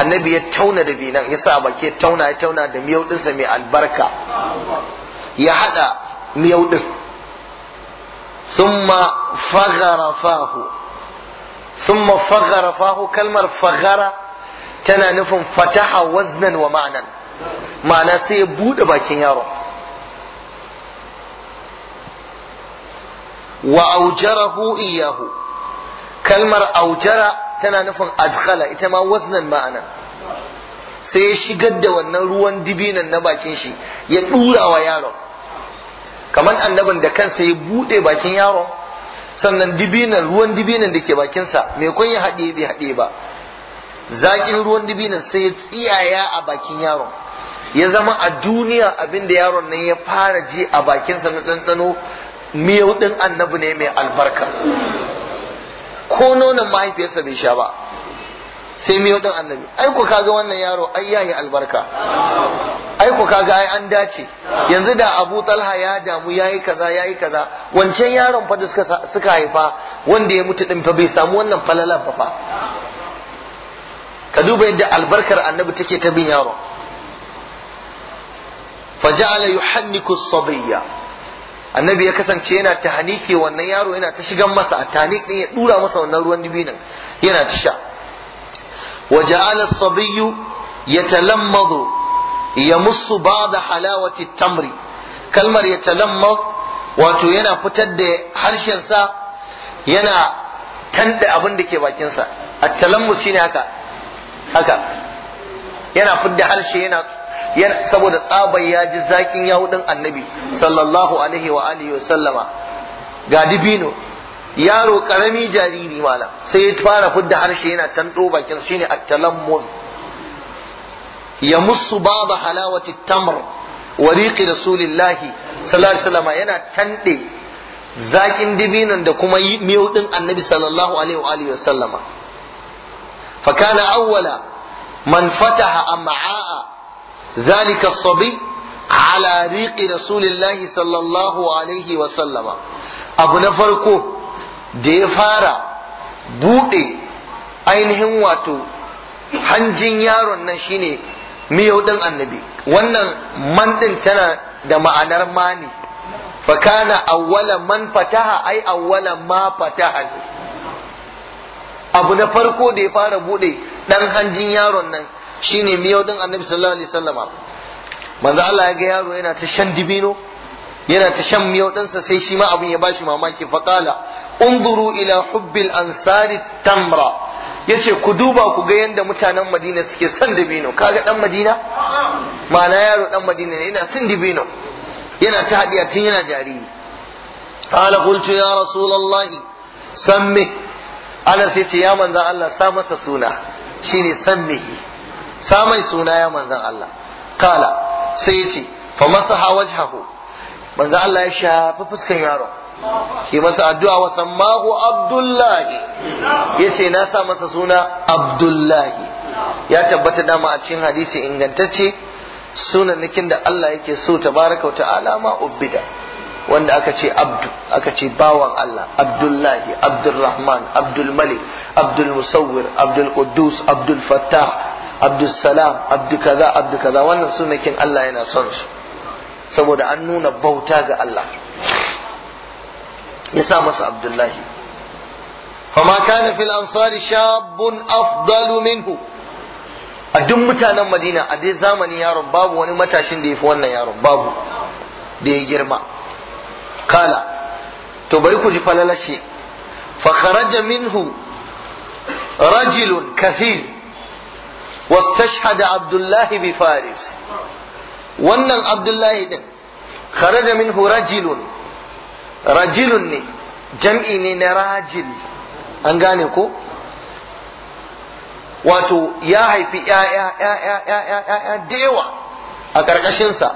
[SPEAKER 1] annabi ya tauna dabinan ya sa baki ya tauna ya tauna da miyau mai albarka ya hada miyau Summa thumma fagharafahu thumma fagharafahu kalmar fagara tana nufin fataha waznan wa ma'nan ma'ana sai ya buɗe bakin yaro wa aujarahu iyahu
[SPEAKER 2] kalmar aujara
[SPEAKER 1] tana nufin adkhala ita ma waznan ma'ana sai ya shigar da wannan ruwan dibinan na bakin shi ya ɗurawa wa yaron kamar annabin da kansa ya buɗe bakin yaro sannan dibinan ruwan dibinan da ke bakinsa mai kun ya haɗe bai haɗe ba zaƙin ruwan dibinan sai ya tsiyaya a bakin yaron ya zama a duniya abinda yaron nan ya fara ji a bakinsa na ɗanɗano miyau din annabi ne mai albarka ko nonon mahaifiyarsa bai sha ba sai miyau din annabi ai ku kaga wannan yaro ai yayi albarka ai ku kaga ai an dace yanzu da Abu Talha ya damu yayi kaza yayi kaza wancan yaron fa da suka suka haifa wanda ya mutu din fa bai samu wannan falalan fa fa ka duba yadda albarkar annabi take ta bin yaro faja'ala yuhanniku sabiyya annabi ya kasance yana tahanike wannan yaro yana ta shigan masa a tanik din ya dura masa wannan ruwan dibinin yana ta sha as-sabiyyu الصبي yamussu يمص halawati at-tamri kalmar يتلمض wato yana fitar da harshen sa, yana tanda abin da ke sa, a talammu shine haka haka yana da harshe yana saboda tsaban ya ji zakin yahudin annabi sallallahu alaihi wa alihi wa sallama ga dibino yaro karami jariri malam sai ya fara fudda harshe yana tanto bakin shine at-talammuz ya musu baba halawati tamr wa riqi rasulillahi sallallahu alaihi wasallama yana tande zakin dibinan da kuma miyau din annabi sallallahu alaihi wa alihi wasallama fa kana awwala man fataha am'a'a zalika sabi ala riqi rasulillahi sallallahu alaihi wa sallama abu na farko da ya fara bude ainihin wato hanjin yaron nan shine miyau din annabi wannan man tana da ma'anar mani fakana awwala man fataha ai awwala ma fataha abu na farko da ya fara buɗe ɗan hanjin yaron nan shine miyau din annabi sallallahu alaihi wasallama manzo Allah ya ga yaro yana ta shan dibino yana ta shan miyau ɗinsa sai shi ma abin ya bashi mamaki faqala unzuru ila hubbil ansari tamra yace ku duba ku ga yadda mutanen madina suke son dibino kaga dan madina ma'ana yaro dan madina ne yana son dibino yana ta hadiya tun yana jariri qala qultu ya rasulullah sammi ala sai ce ya manzo Allah sa masa suna shine sammihi sa mai suna ya manzan Allah kala sai ya ce fa masaha wajhahu manzan Allah ya shafi fuskan yaron ke masa addu'a wa sammahu abdullahi ya na sa masa suna abdullahi ya tabbata dama a cikin hadisi ingantacce nikin da Allah yake so tabaraka ta'ala alama ubbida wanda aka ce abdu aka ce bawan Allah abdullahi abdulrahman abdulmalik abdulmusawwir abdulquddus abdulfattah abdulsalam abdu kaza kaza wannan sunakin Allah yana son su saboda an nuna bauta ga Allah ya sa masa abdullahi fama kana fil ansari shabun afdalu minhu
[SPEAKER 2] a duk mutanen
[SPEAKER 1] madina a dai zamani yaron babu wani matashin da ya fi wannan yaron babu da ya girma kala to bari ku ji falalashi fa kharaja minhu rajulun kathir واستشهد عبد الله بفارس wannan abdullahi din kharaja minhu rajilun rajilun ne jam'i ne na rajil an gane ko wato ya haifi ‘ya'ya ‘ya'ya da yawa
[SPEAKER 2] a ƙarƙashinsa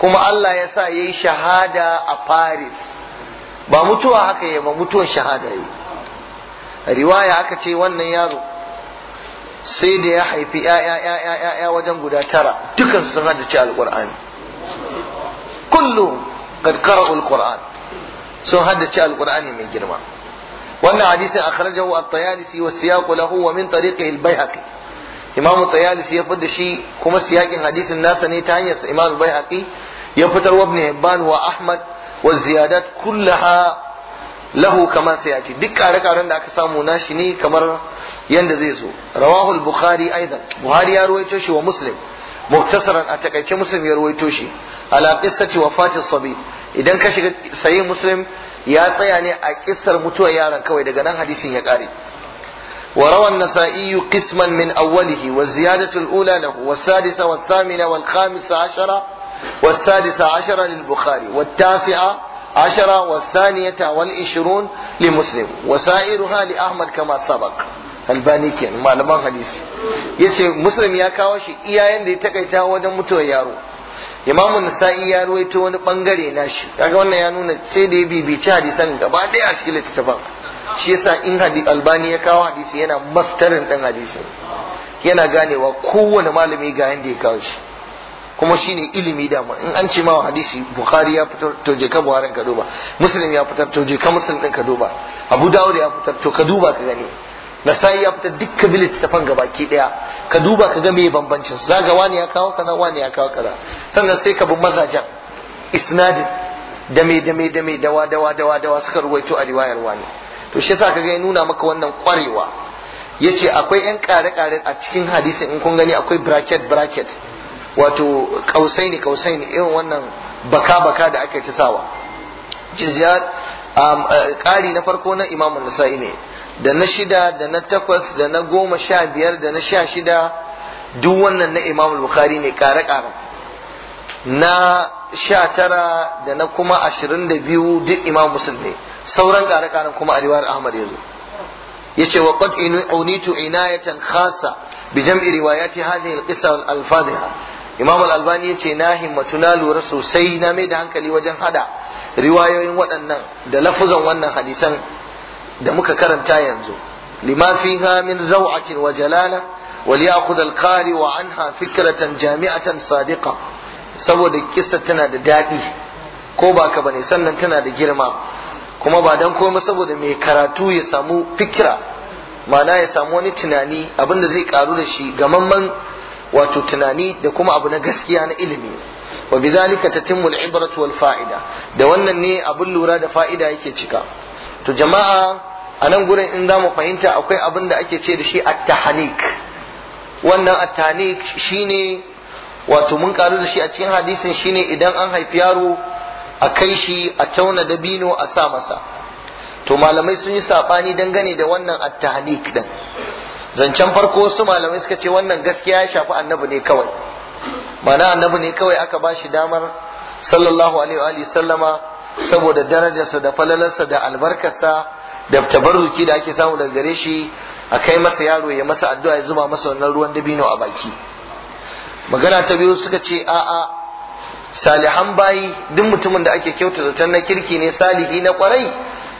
[SPEAKER 1] kuma Allah ya sa ya yi shahada a Paris ba mutuwa haka yi ba mutuwar shahada yi riwaya aka ce wannan yaro sai da ya haifi ‘ya'ya wajen guda tara dukansu sun haddace alƙur'ani kullu qad qara'u alquran sun haddace alqur'ani mai girma wannan hadisin akhrajahu at-tayalisi wa siyaqu lahu wa min tariqi al-baihaqi imam tayalisi ya fitar shi kuma siyaqin hadisin nasa ne ta hanyar imam al-baihaqi ya fitar wa ibn hibban wa ahmad wa ziyadat kullaha lahu kama sayati duk kare-karen da aka samu na shi ne kamar yadda zai zo rawahu al-bukhari aidan buhari ya ruwaito shi wa muslim muktasaran a takaice muslim ya ruwaito shi ala qissati wafati sabi idan ka shiga sayi muslim ya tsaya ne a ƙisar mutuwar yaron kawai daga nan hadisin ya kare وروى النسائي قسما من أوله والزيادة الأولى له والسادسة والثامنة والخامسة عشرة والسادسة عشرة للبخاري والتاسعة عشرة والثانية والعشرون لمسلم وسائرها لأحمد كما سبق albani kenan malaman hadisi yace muslim ya kawo shi iyayen da ya takaita wajen mutuwar yaro imamu nasa'i ya ruwaito wani bangare na shi kaga wannan ya nuna sai da ya bibici hadisan gaba ɗaya a cikin littattafan shi yasa in albani ya kawo hadisi yana mastarin ɗin hadisi yana ganewa kowane malami ga yanda ya kawo shi kuma shine ilimi dama in an ce ma hadisi bukhari ya fitar to je ka buharin ka duba muslim ya fitar to je ka muslim din ka duba abu dawud ya fitar to ka duba ka gani nasai ya fitar dukkan bilit tafan gabaki daya ka duba ka ga me bambancin su zaga wani ya kawo kaza wani ya kawo kaza sannan sai ka bi mazajen isnadin da me da me da me dawa dawa dawa dawa suka ruwaito a riwayar wani to shi yasa kaga ya nuna maka wannan kwarewa yace akwai yan kare kare a cikin hadisin in kun gani akwai bracket bracket wato kausaini kausaini irin wannan baka baka da aka ci sawa jizyat eh, ƙari na farko na imamun nasa'i ne da na shida da na takwas da na goma sha biyar da na sha shida duk wannan na imamul bukhari ne kare kare na sha tara da na kuma ashirin da biyu duk imam musul ne sauran kare kare kuma a riwayar ahmad yanzu ya ce wa qad unitu inayatan khasa bi jam'i riwayati hadhihi al-qissa wal alfadhiha imam al-albani ya ce na himmatu na lura sosai na mai da hankali wajen hada riwayoyin waɗannan da lafuzan wannan hadisan da muka karanta yanzu lima fiha min zaw'atin wa jalala wa ya'khudh al-qari wa anha fikratan jami'atan sadiqa saboda kisa tana da daɗi ko ba ka bane sannan tana da girma kuma ba dan komai saboda mai karatu ya samu fikira ma'ana ya samu wani tunani abinda zai karu da shi gamamman wato tunani da kuma abu na gaskiya na ilimi wa bidhalika tatimmu al-ibratu wal fa'ida da wannan ne abun lura da fa'ida yake cika to jama'a a nan gurin in za mu fahimta akwai abin da ake ce da shi at tahnik wannan at tahnik shine wato mun karu da shi a cikin hadisin shine idan an haifi yaro a kai shi a tauna dabino a sa masa to malamai sun yi sabani dangane da wannan at tahnik din zancen farko wasu malamai suka ce wannan gaskiya ya shafi annabi ne kawai mana annabi ne kawai aka ba shi damar sallallahu alaihi wa sallama saboda darajarsa da falalarsa da albarkarsa da tabarruki da ake samu daga gare shi a kai masa yaro ya masa addu'a ya zuba masa wannan ruwan dabino a baki magana ta biyu suka ce a'a salihan bayi duk mutumin da ake kyauta zaton na kirki ne salihi na kwarai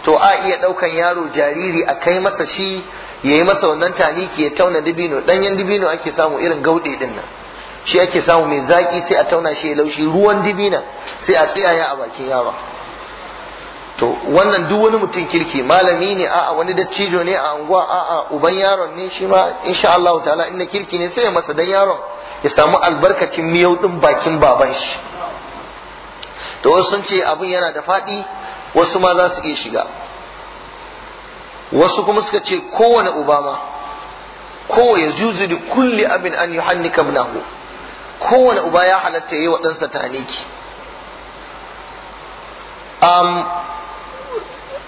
[SPEAKER 1] to a iya daukan yaro jariri a kai masa shi yayi masa wannan taliki ya tauna dibino danyen dibino ake samu irin gaude din nan shi ake samu mai zaki sai a tauna shi ya laushi ruwan dibina sai a tsiyaya a bakin yawa to wannan duk wani mutum kirki malami ne a'a wani dattijo ne a anguwa a'a uban yaron ne shi ma insha Allah ta'ala inda kirki ne sai ya masa dan yaron ya samu albarkacin miyau din bakin baban shi to sun ce abin yana da faɗi wasu ma za su iya shiga wasu kuma suka ce kowane uba ma kowa ya juzu da kulli abin an yuhannika ibnahu kowane uba ya halatta yi wa ɗansa taniki um,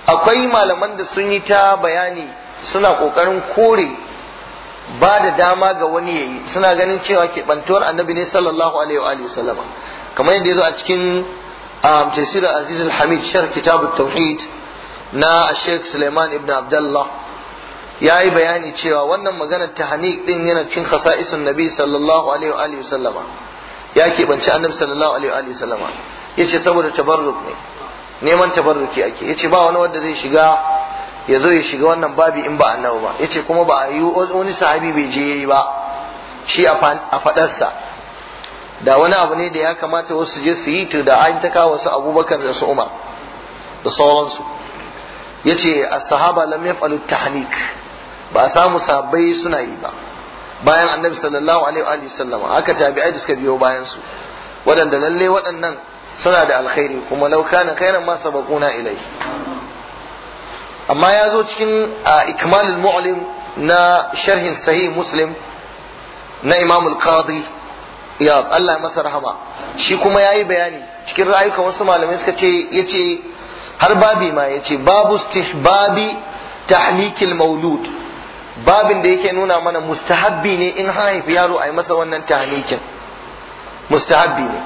[SPEAKER 1] akwai malaman da sun yi ta bayani suna ƙoƙarin kore ba da dama ga wani ya yi, suna ganin cewa keɓantuwar annabi ne sallallahu alaihi wa sallama kamar yadda ya zo a cikin um, tafsirar hamid shar kitabu tauhid na Sheikh Suleiman ibn Abdullah ya yi bayani cewa wannan maganar hanik din yana cikin khasa'isun nabi sallallahu alaihi wa sallama ya keɓanci annabi sallallahu alaihi wa sallama yace saboda tabarruk ne neman tabarruki ake yace ba wani wanda zai shiga ya zo ya shiga wannan babi in ba annabi ba yace kuma ba a yi wani sahabi bai je yayi ba shi a fadarsa da wani abu ne da ya kamata wasu je su yi to da an ta kawo wasu abubakar da su umar da sauransu yace as-sahaba lam yaf'alu tahnik ba a samu sabai suna yi ba bayan annabi sallallahu alaihi wa sallam aka tabi'ai da suka biyo bayan su waɗanda lalle waɗannan suna da alkhairi kuma law kana kaina ma sabaquna ilai amma ya zo cikin ikmalul mu'lim na sharhin sahih muslim na imam al-qadi ya Allah masa rahama shi kuma yayi bayani cikin ra'ayukan wasu malamai suka ce yace har babi ma ya ce babu stihbabi tahlikil maulud babin da yake nuna mana mustahabbi ne in haifi yaro a yi masa wannan tahlikin mustahabbi ne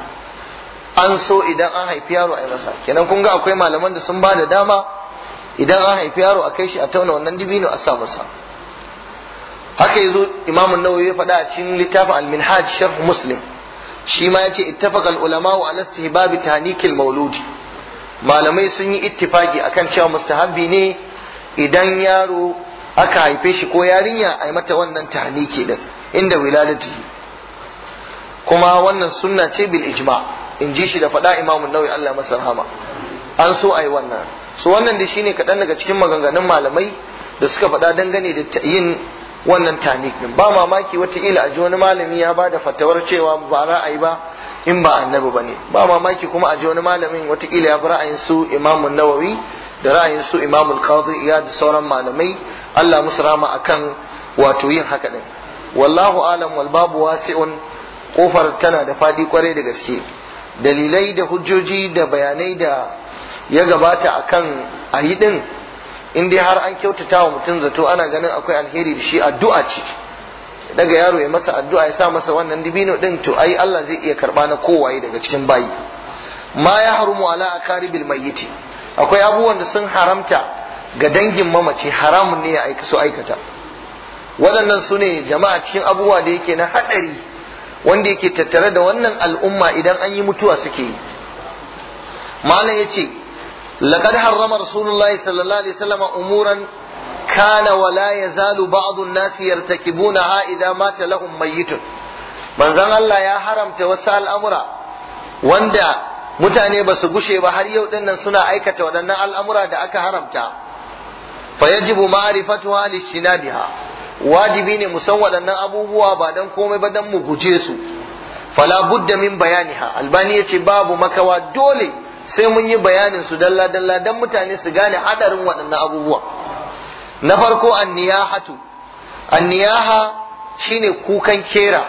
[SPEAKER 1] an so idan an haifi yaro a yi masa kenan kun ga akwai malaman da sun ba da dama idan an haifi yaro a kai shi a tauna wannan dibino a sa masa haka yazo imamu nawawi ya faɗa a cikin littafin al-minhaj sharh muslim shi ma yace ittafaqa al-ulama ala istihbab tahlikil mauludi malamai sun yi ittifaki akan cewa mustahabbi ne idan yaro aka haife shi ko yarinya a yi mata wannan tahniki din inda wiladati kuma wannan sunna ce bil ijma in ji shi da faɗa imamun nawawi Allah masa rahama an so a wannan Su wannan da shine kaɗan daga cikin maganganun malamai da suka faɗa dangane da yin wannan tahani ba mamaki wata ila a ji wani malami ya ba da fatawar cewa ba za a yi ba in ba annabi ba ne ba mamaki kuma a ji wani malamin watakila ya fi ra'ayin su imamun nawawi da ra'ayin su imamul iya da sauran malamai Allah musu rama akan wato yin haka din wallahu alam wal babu wasi'un kofar tana da fadi kwarai da gaske dalilai da hujjoji da bayanai da ya gabata a kan ayi din in dai har an kyautata wa mutum zato ana ganin akwai alheri da shi addu'a ce daga yaro ya masa addu'a ya sa masa wannan dibino din to ai Allah zai iya karba na kowaye daga cikin bayi ma ya harumu ala akaribil mayyiti akwai abubuwan da sun haramta ga dangin mamaci haramun ne ya aika su aikata waɗannan su ne jama'a cikin abubuwa da yake na haɗari wanda yake tattare da wannan al'umma idan an yi mutuwa suke yi malam ya ce
[SPEAKER 2] laqad harrama
[SPEAKER 1] rasulullahi sallallahu alaihi wasallam umuran kana wala yazalu ba'dhu an-nas yartakibunaha idza mata lahum mayyitun manzon Allah ya haramta wasu al'amura wanda
[SPEAKER 2] mutane ba su gushe
[SPEAKER 1] ba har yau dinnan suna aikata waɗannan al'amura da aka haramta fa yajibu ma'rifatuha lishinabiha wajibi ne mu waɗannan abubuwa ba dan komai ba dan mu guje su fala budda min bayaniha albani yace babu makawa dole sai mun yi bayanin su dalla dalla dan mutane su gane haɗarin waɗannan abubuwa na farko anniyahatu anniyaha shine kukan kera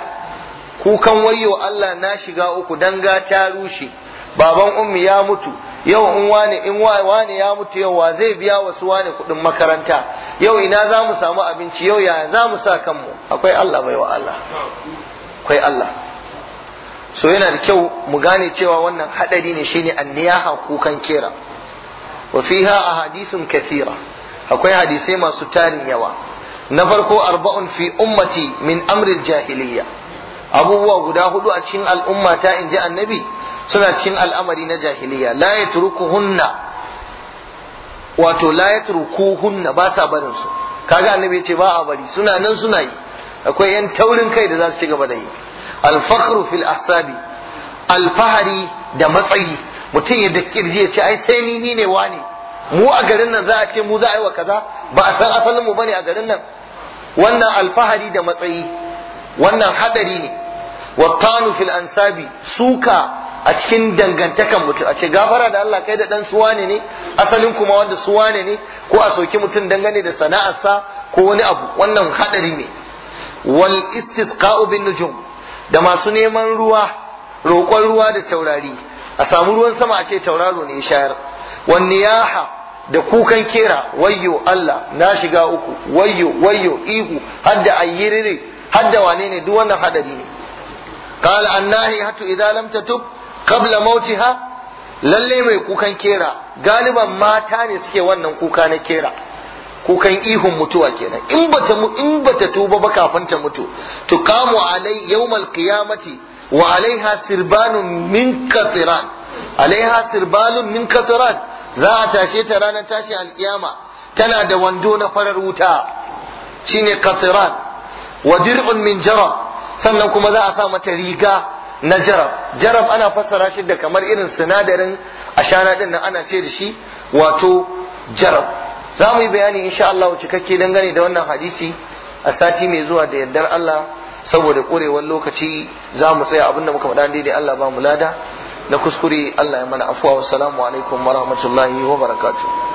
[SPEAKER 1] kukan wayo Allah na shiga uku danga ta rushe baban ummi ya mutu yau in wani in wani ya mutu yau wa zai biya wasu wani kuɗin makaranta yau ina za mu samu abinci yau ya za mu sa kanmu akwai Allah bai Allah akwai Allah so yana da kyau mu gane cewa wannan hadari ne shine anniyaha kukan kera wa fiha ahadithun kathira akwai hadisai masu tarin yawa na farko arba'un fi ummati min amril jahiliya abubuwa guda hudu a cikin al'umma ta ji annabi suna cikin al'amari na jahiliya la yatrukuhunna wato la yatrukuhunna ba sa barin su kaga annabi ya ce ba a bari suna nan suna yi akwai yan taurin kai da za su ci gaba da yi al-fakhru fil ahsabi alfahari da matsayi mutum ya da kirji ya ce ai sai ni ne wane mu a garin nan za a ce mu za a yi wa kaza ba a san asalin mu bane a garin nan wannan alfahari da matsayi wannan hadari ne tanu fil ansabi suka a cikin dangantakan mutum a ce gafara da Allah kai da dan suwane ne asalin kuma wanda suwane ne ko a soki mutum dangane da sana'arsa ko wani abu wannan hadari ne wal istisqa'u bin nujum da masu neman ruwa roƙon ruwa da taurari a samu ruwan sama a ce tauraro ne shayar wan niyaha da kukan kera wayyo Allah na shiga uku wayyo wayyo ihu hadda ayyirire hadda wane ne duk wannan hadari ne qala annahi hatu idza lam tatub qabla mautiha lalle mai kukan kera galiban mata ne suke wannan kuka na kera kukan ihun mutuwa kenan in bata in bata tuba ba kafin ta mutu kamu alai yawmal qiyamati wa alaiha sirbanun min qatiran alaiha sirbalun min qatiran za a tashe ta ranar tashi alkiyama tana da wando na farar wuta shine qatiran wa dir'un min jarab sannan kuma za a sa mata riga na jarab jarab ana fassara shi da kamar irin sinadarin ashana din ana ce da shi wato jarab za mu yi bayani insha Allah cikakke dangane da wannan hadisi a sati mai zuwa da yardar Allah saboda ƙorewar lokaci za mu tsaya abinda muka faɗa daidai Allah ba mu lada na kuskure Allah ya mana afuwa wa salamu alaikum wa rahmatullahi wa barakatuh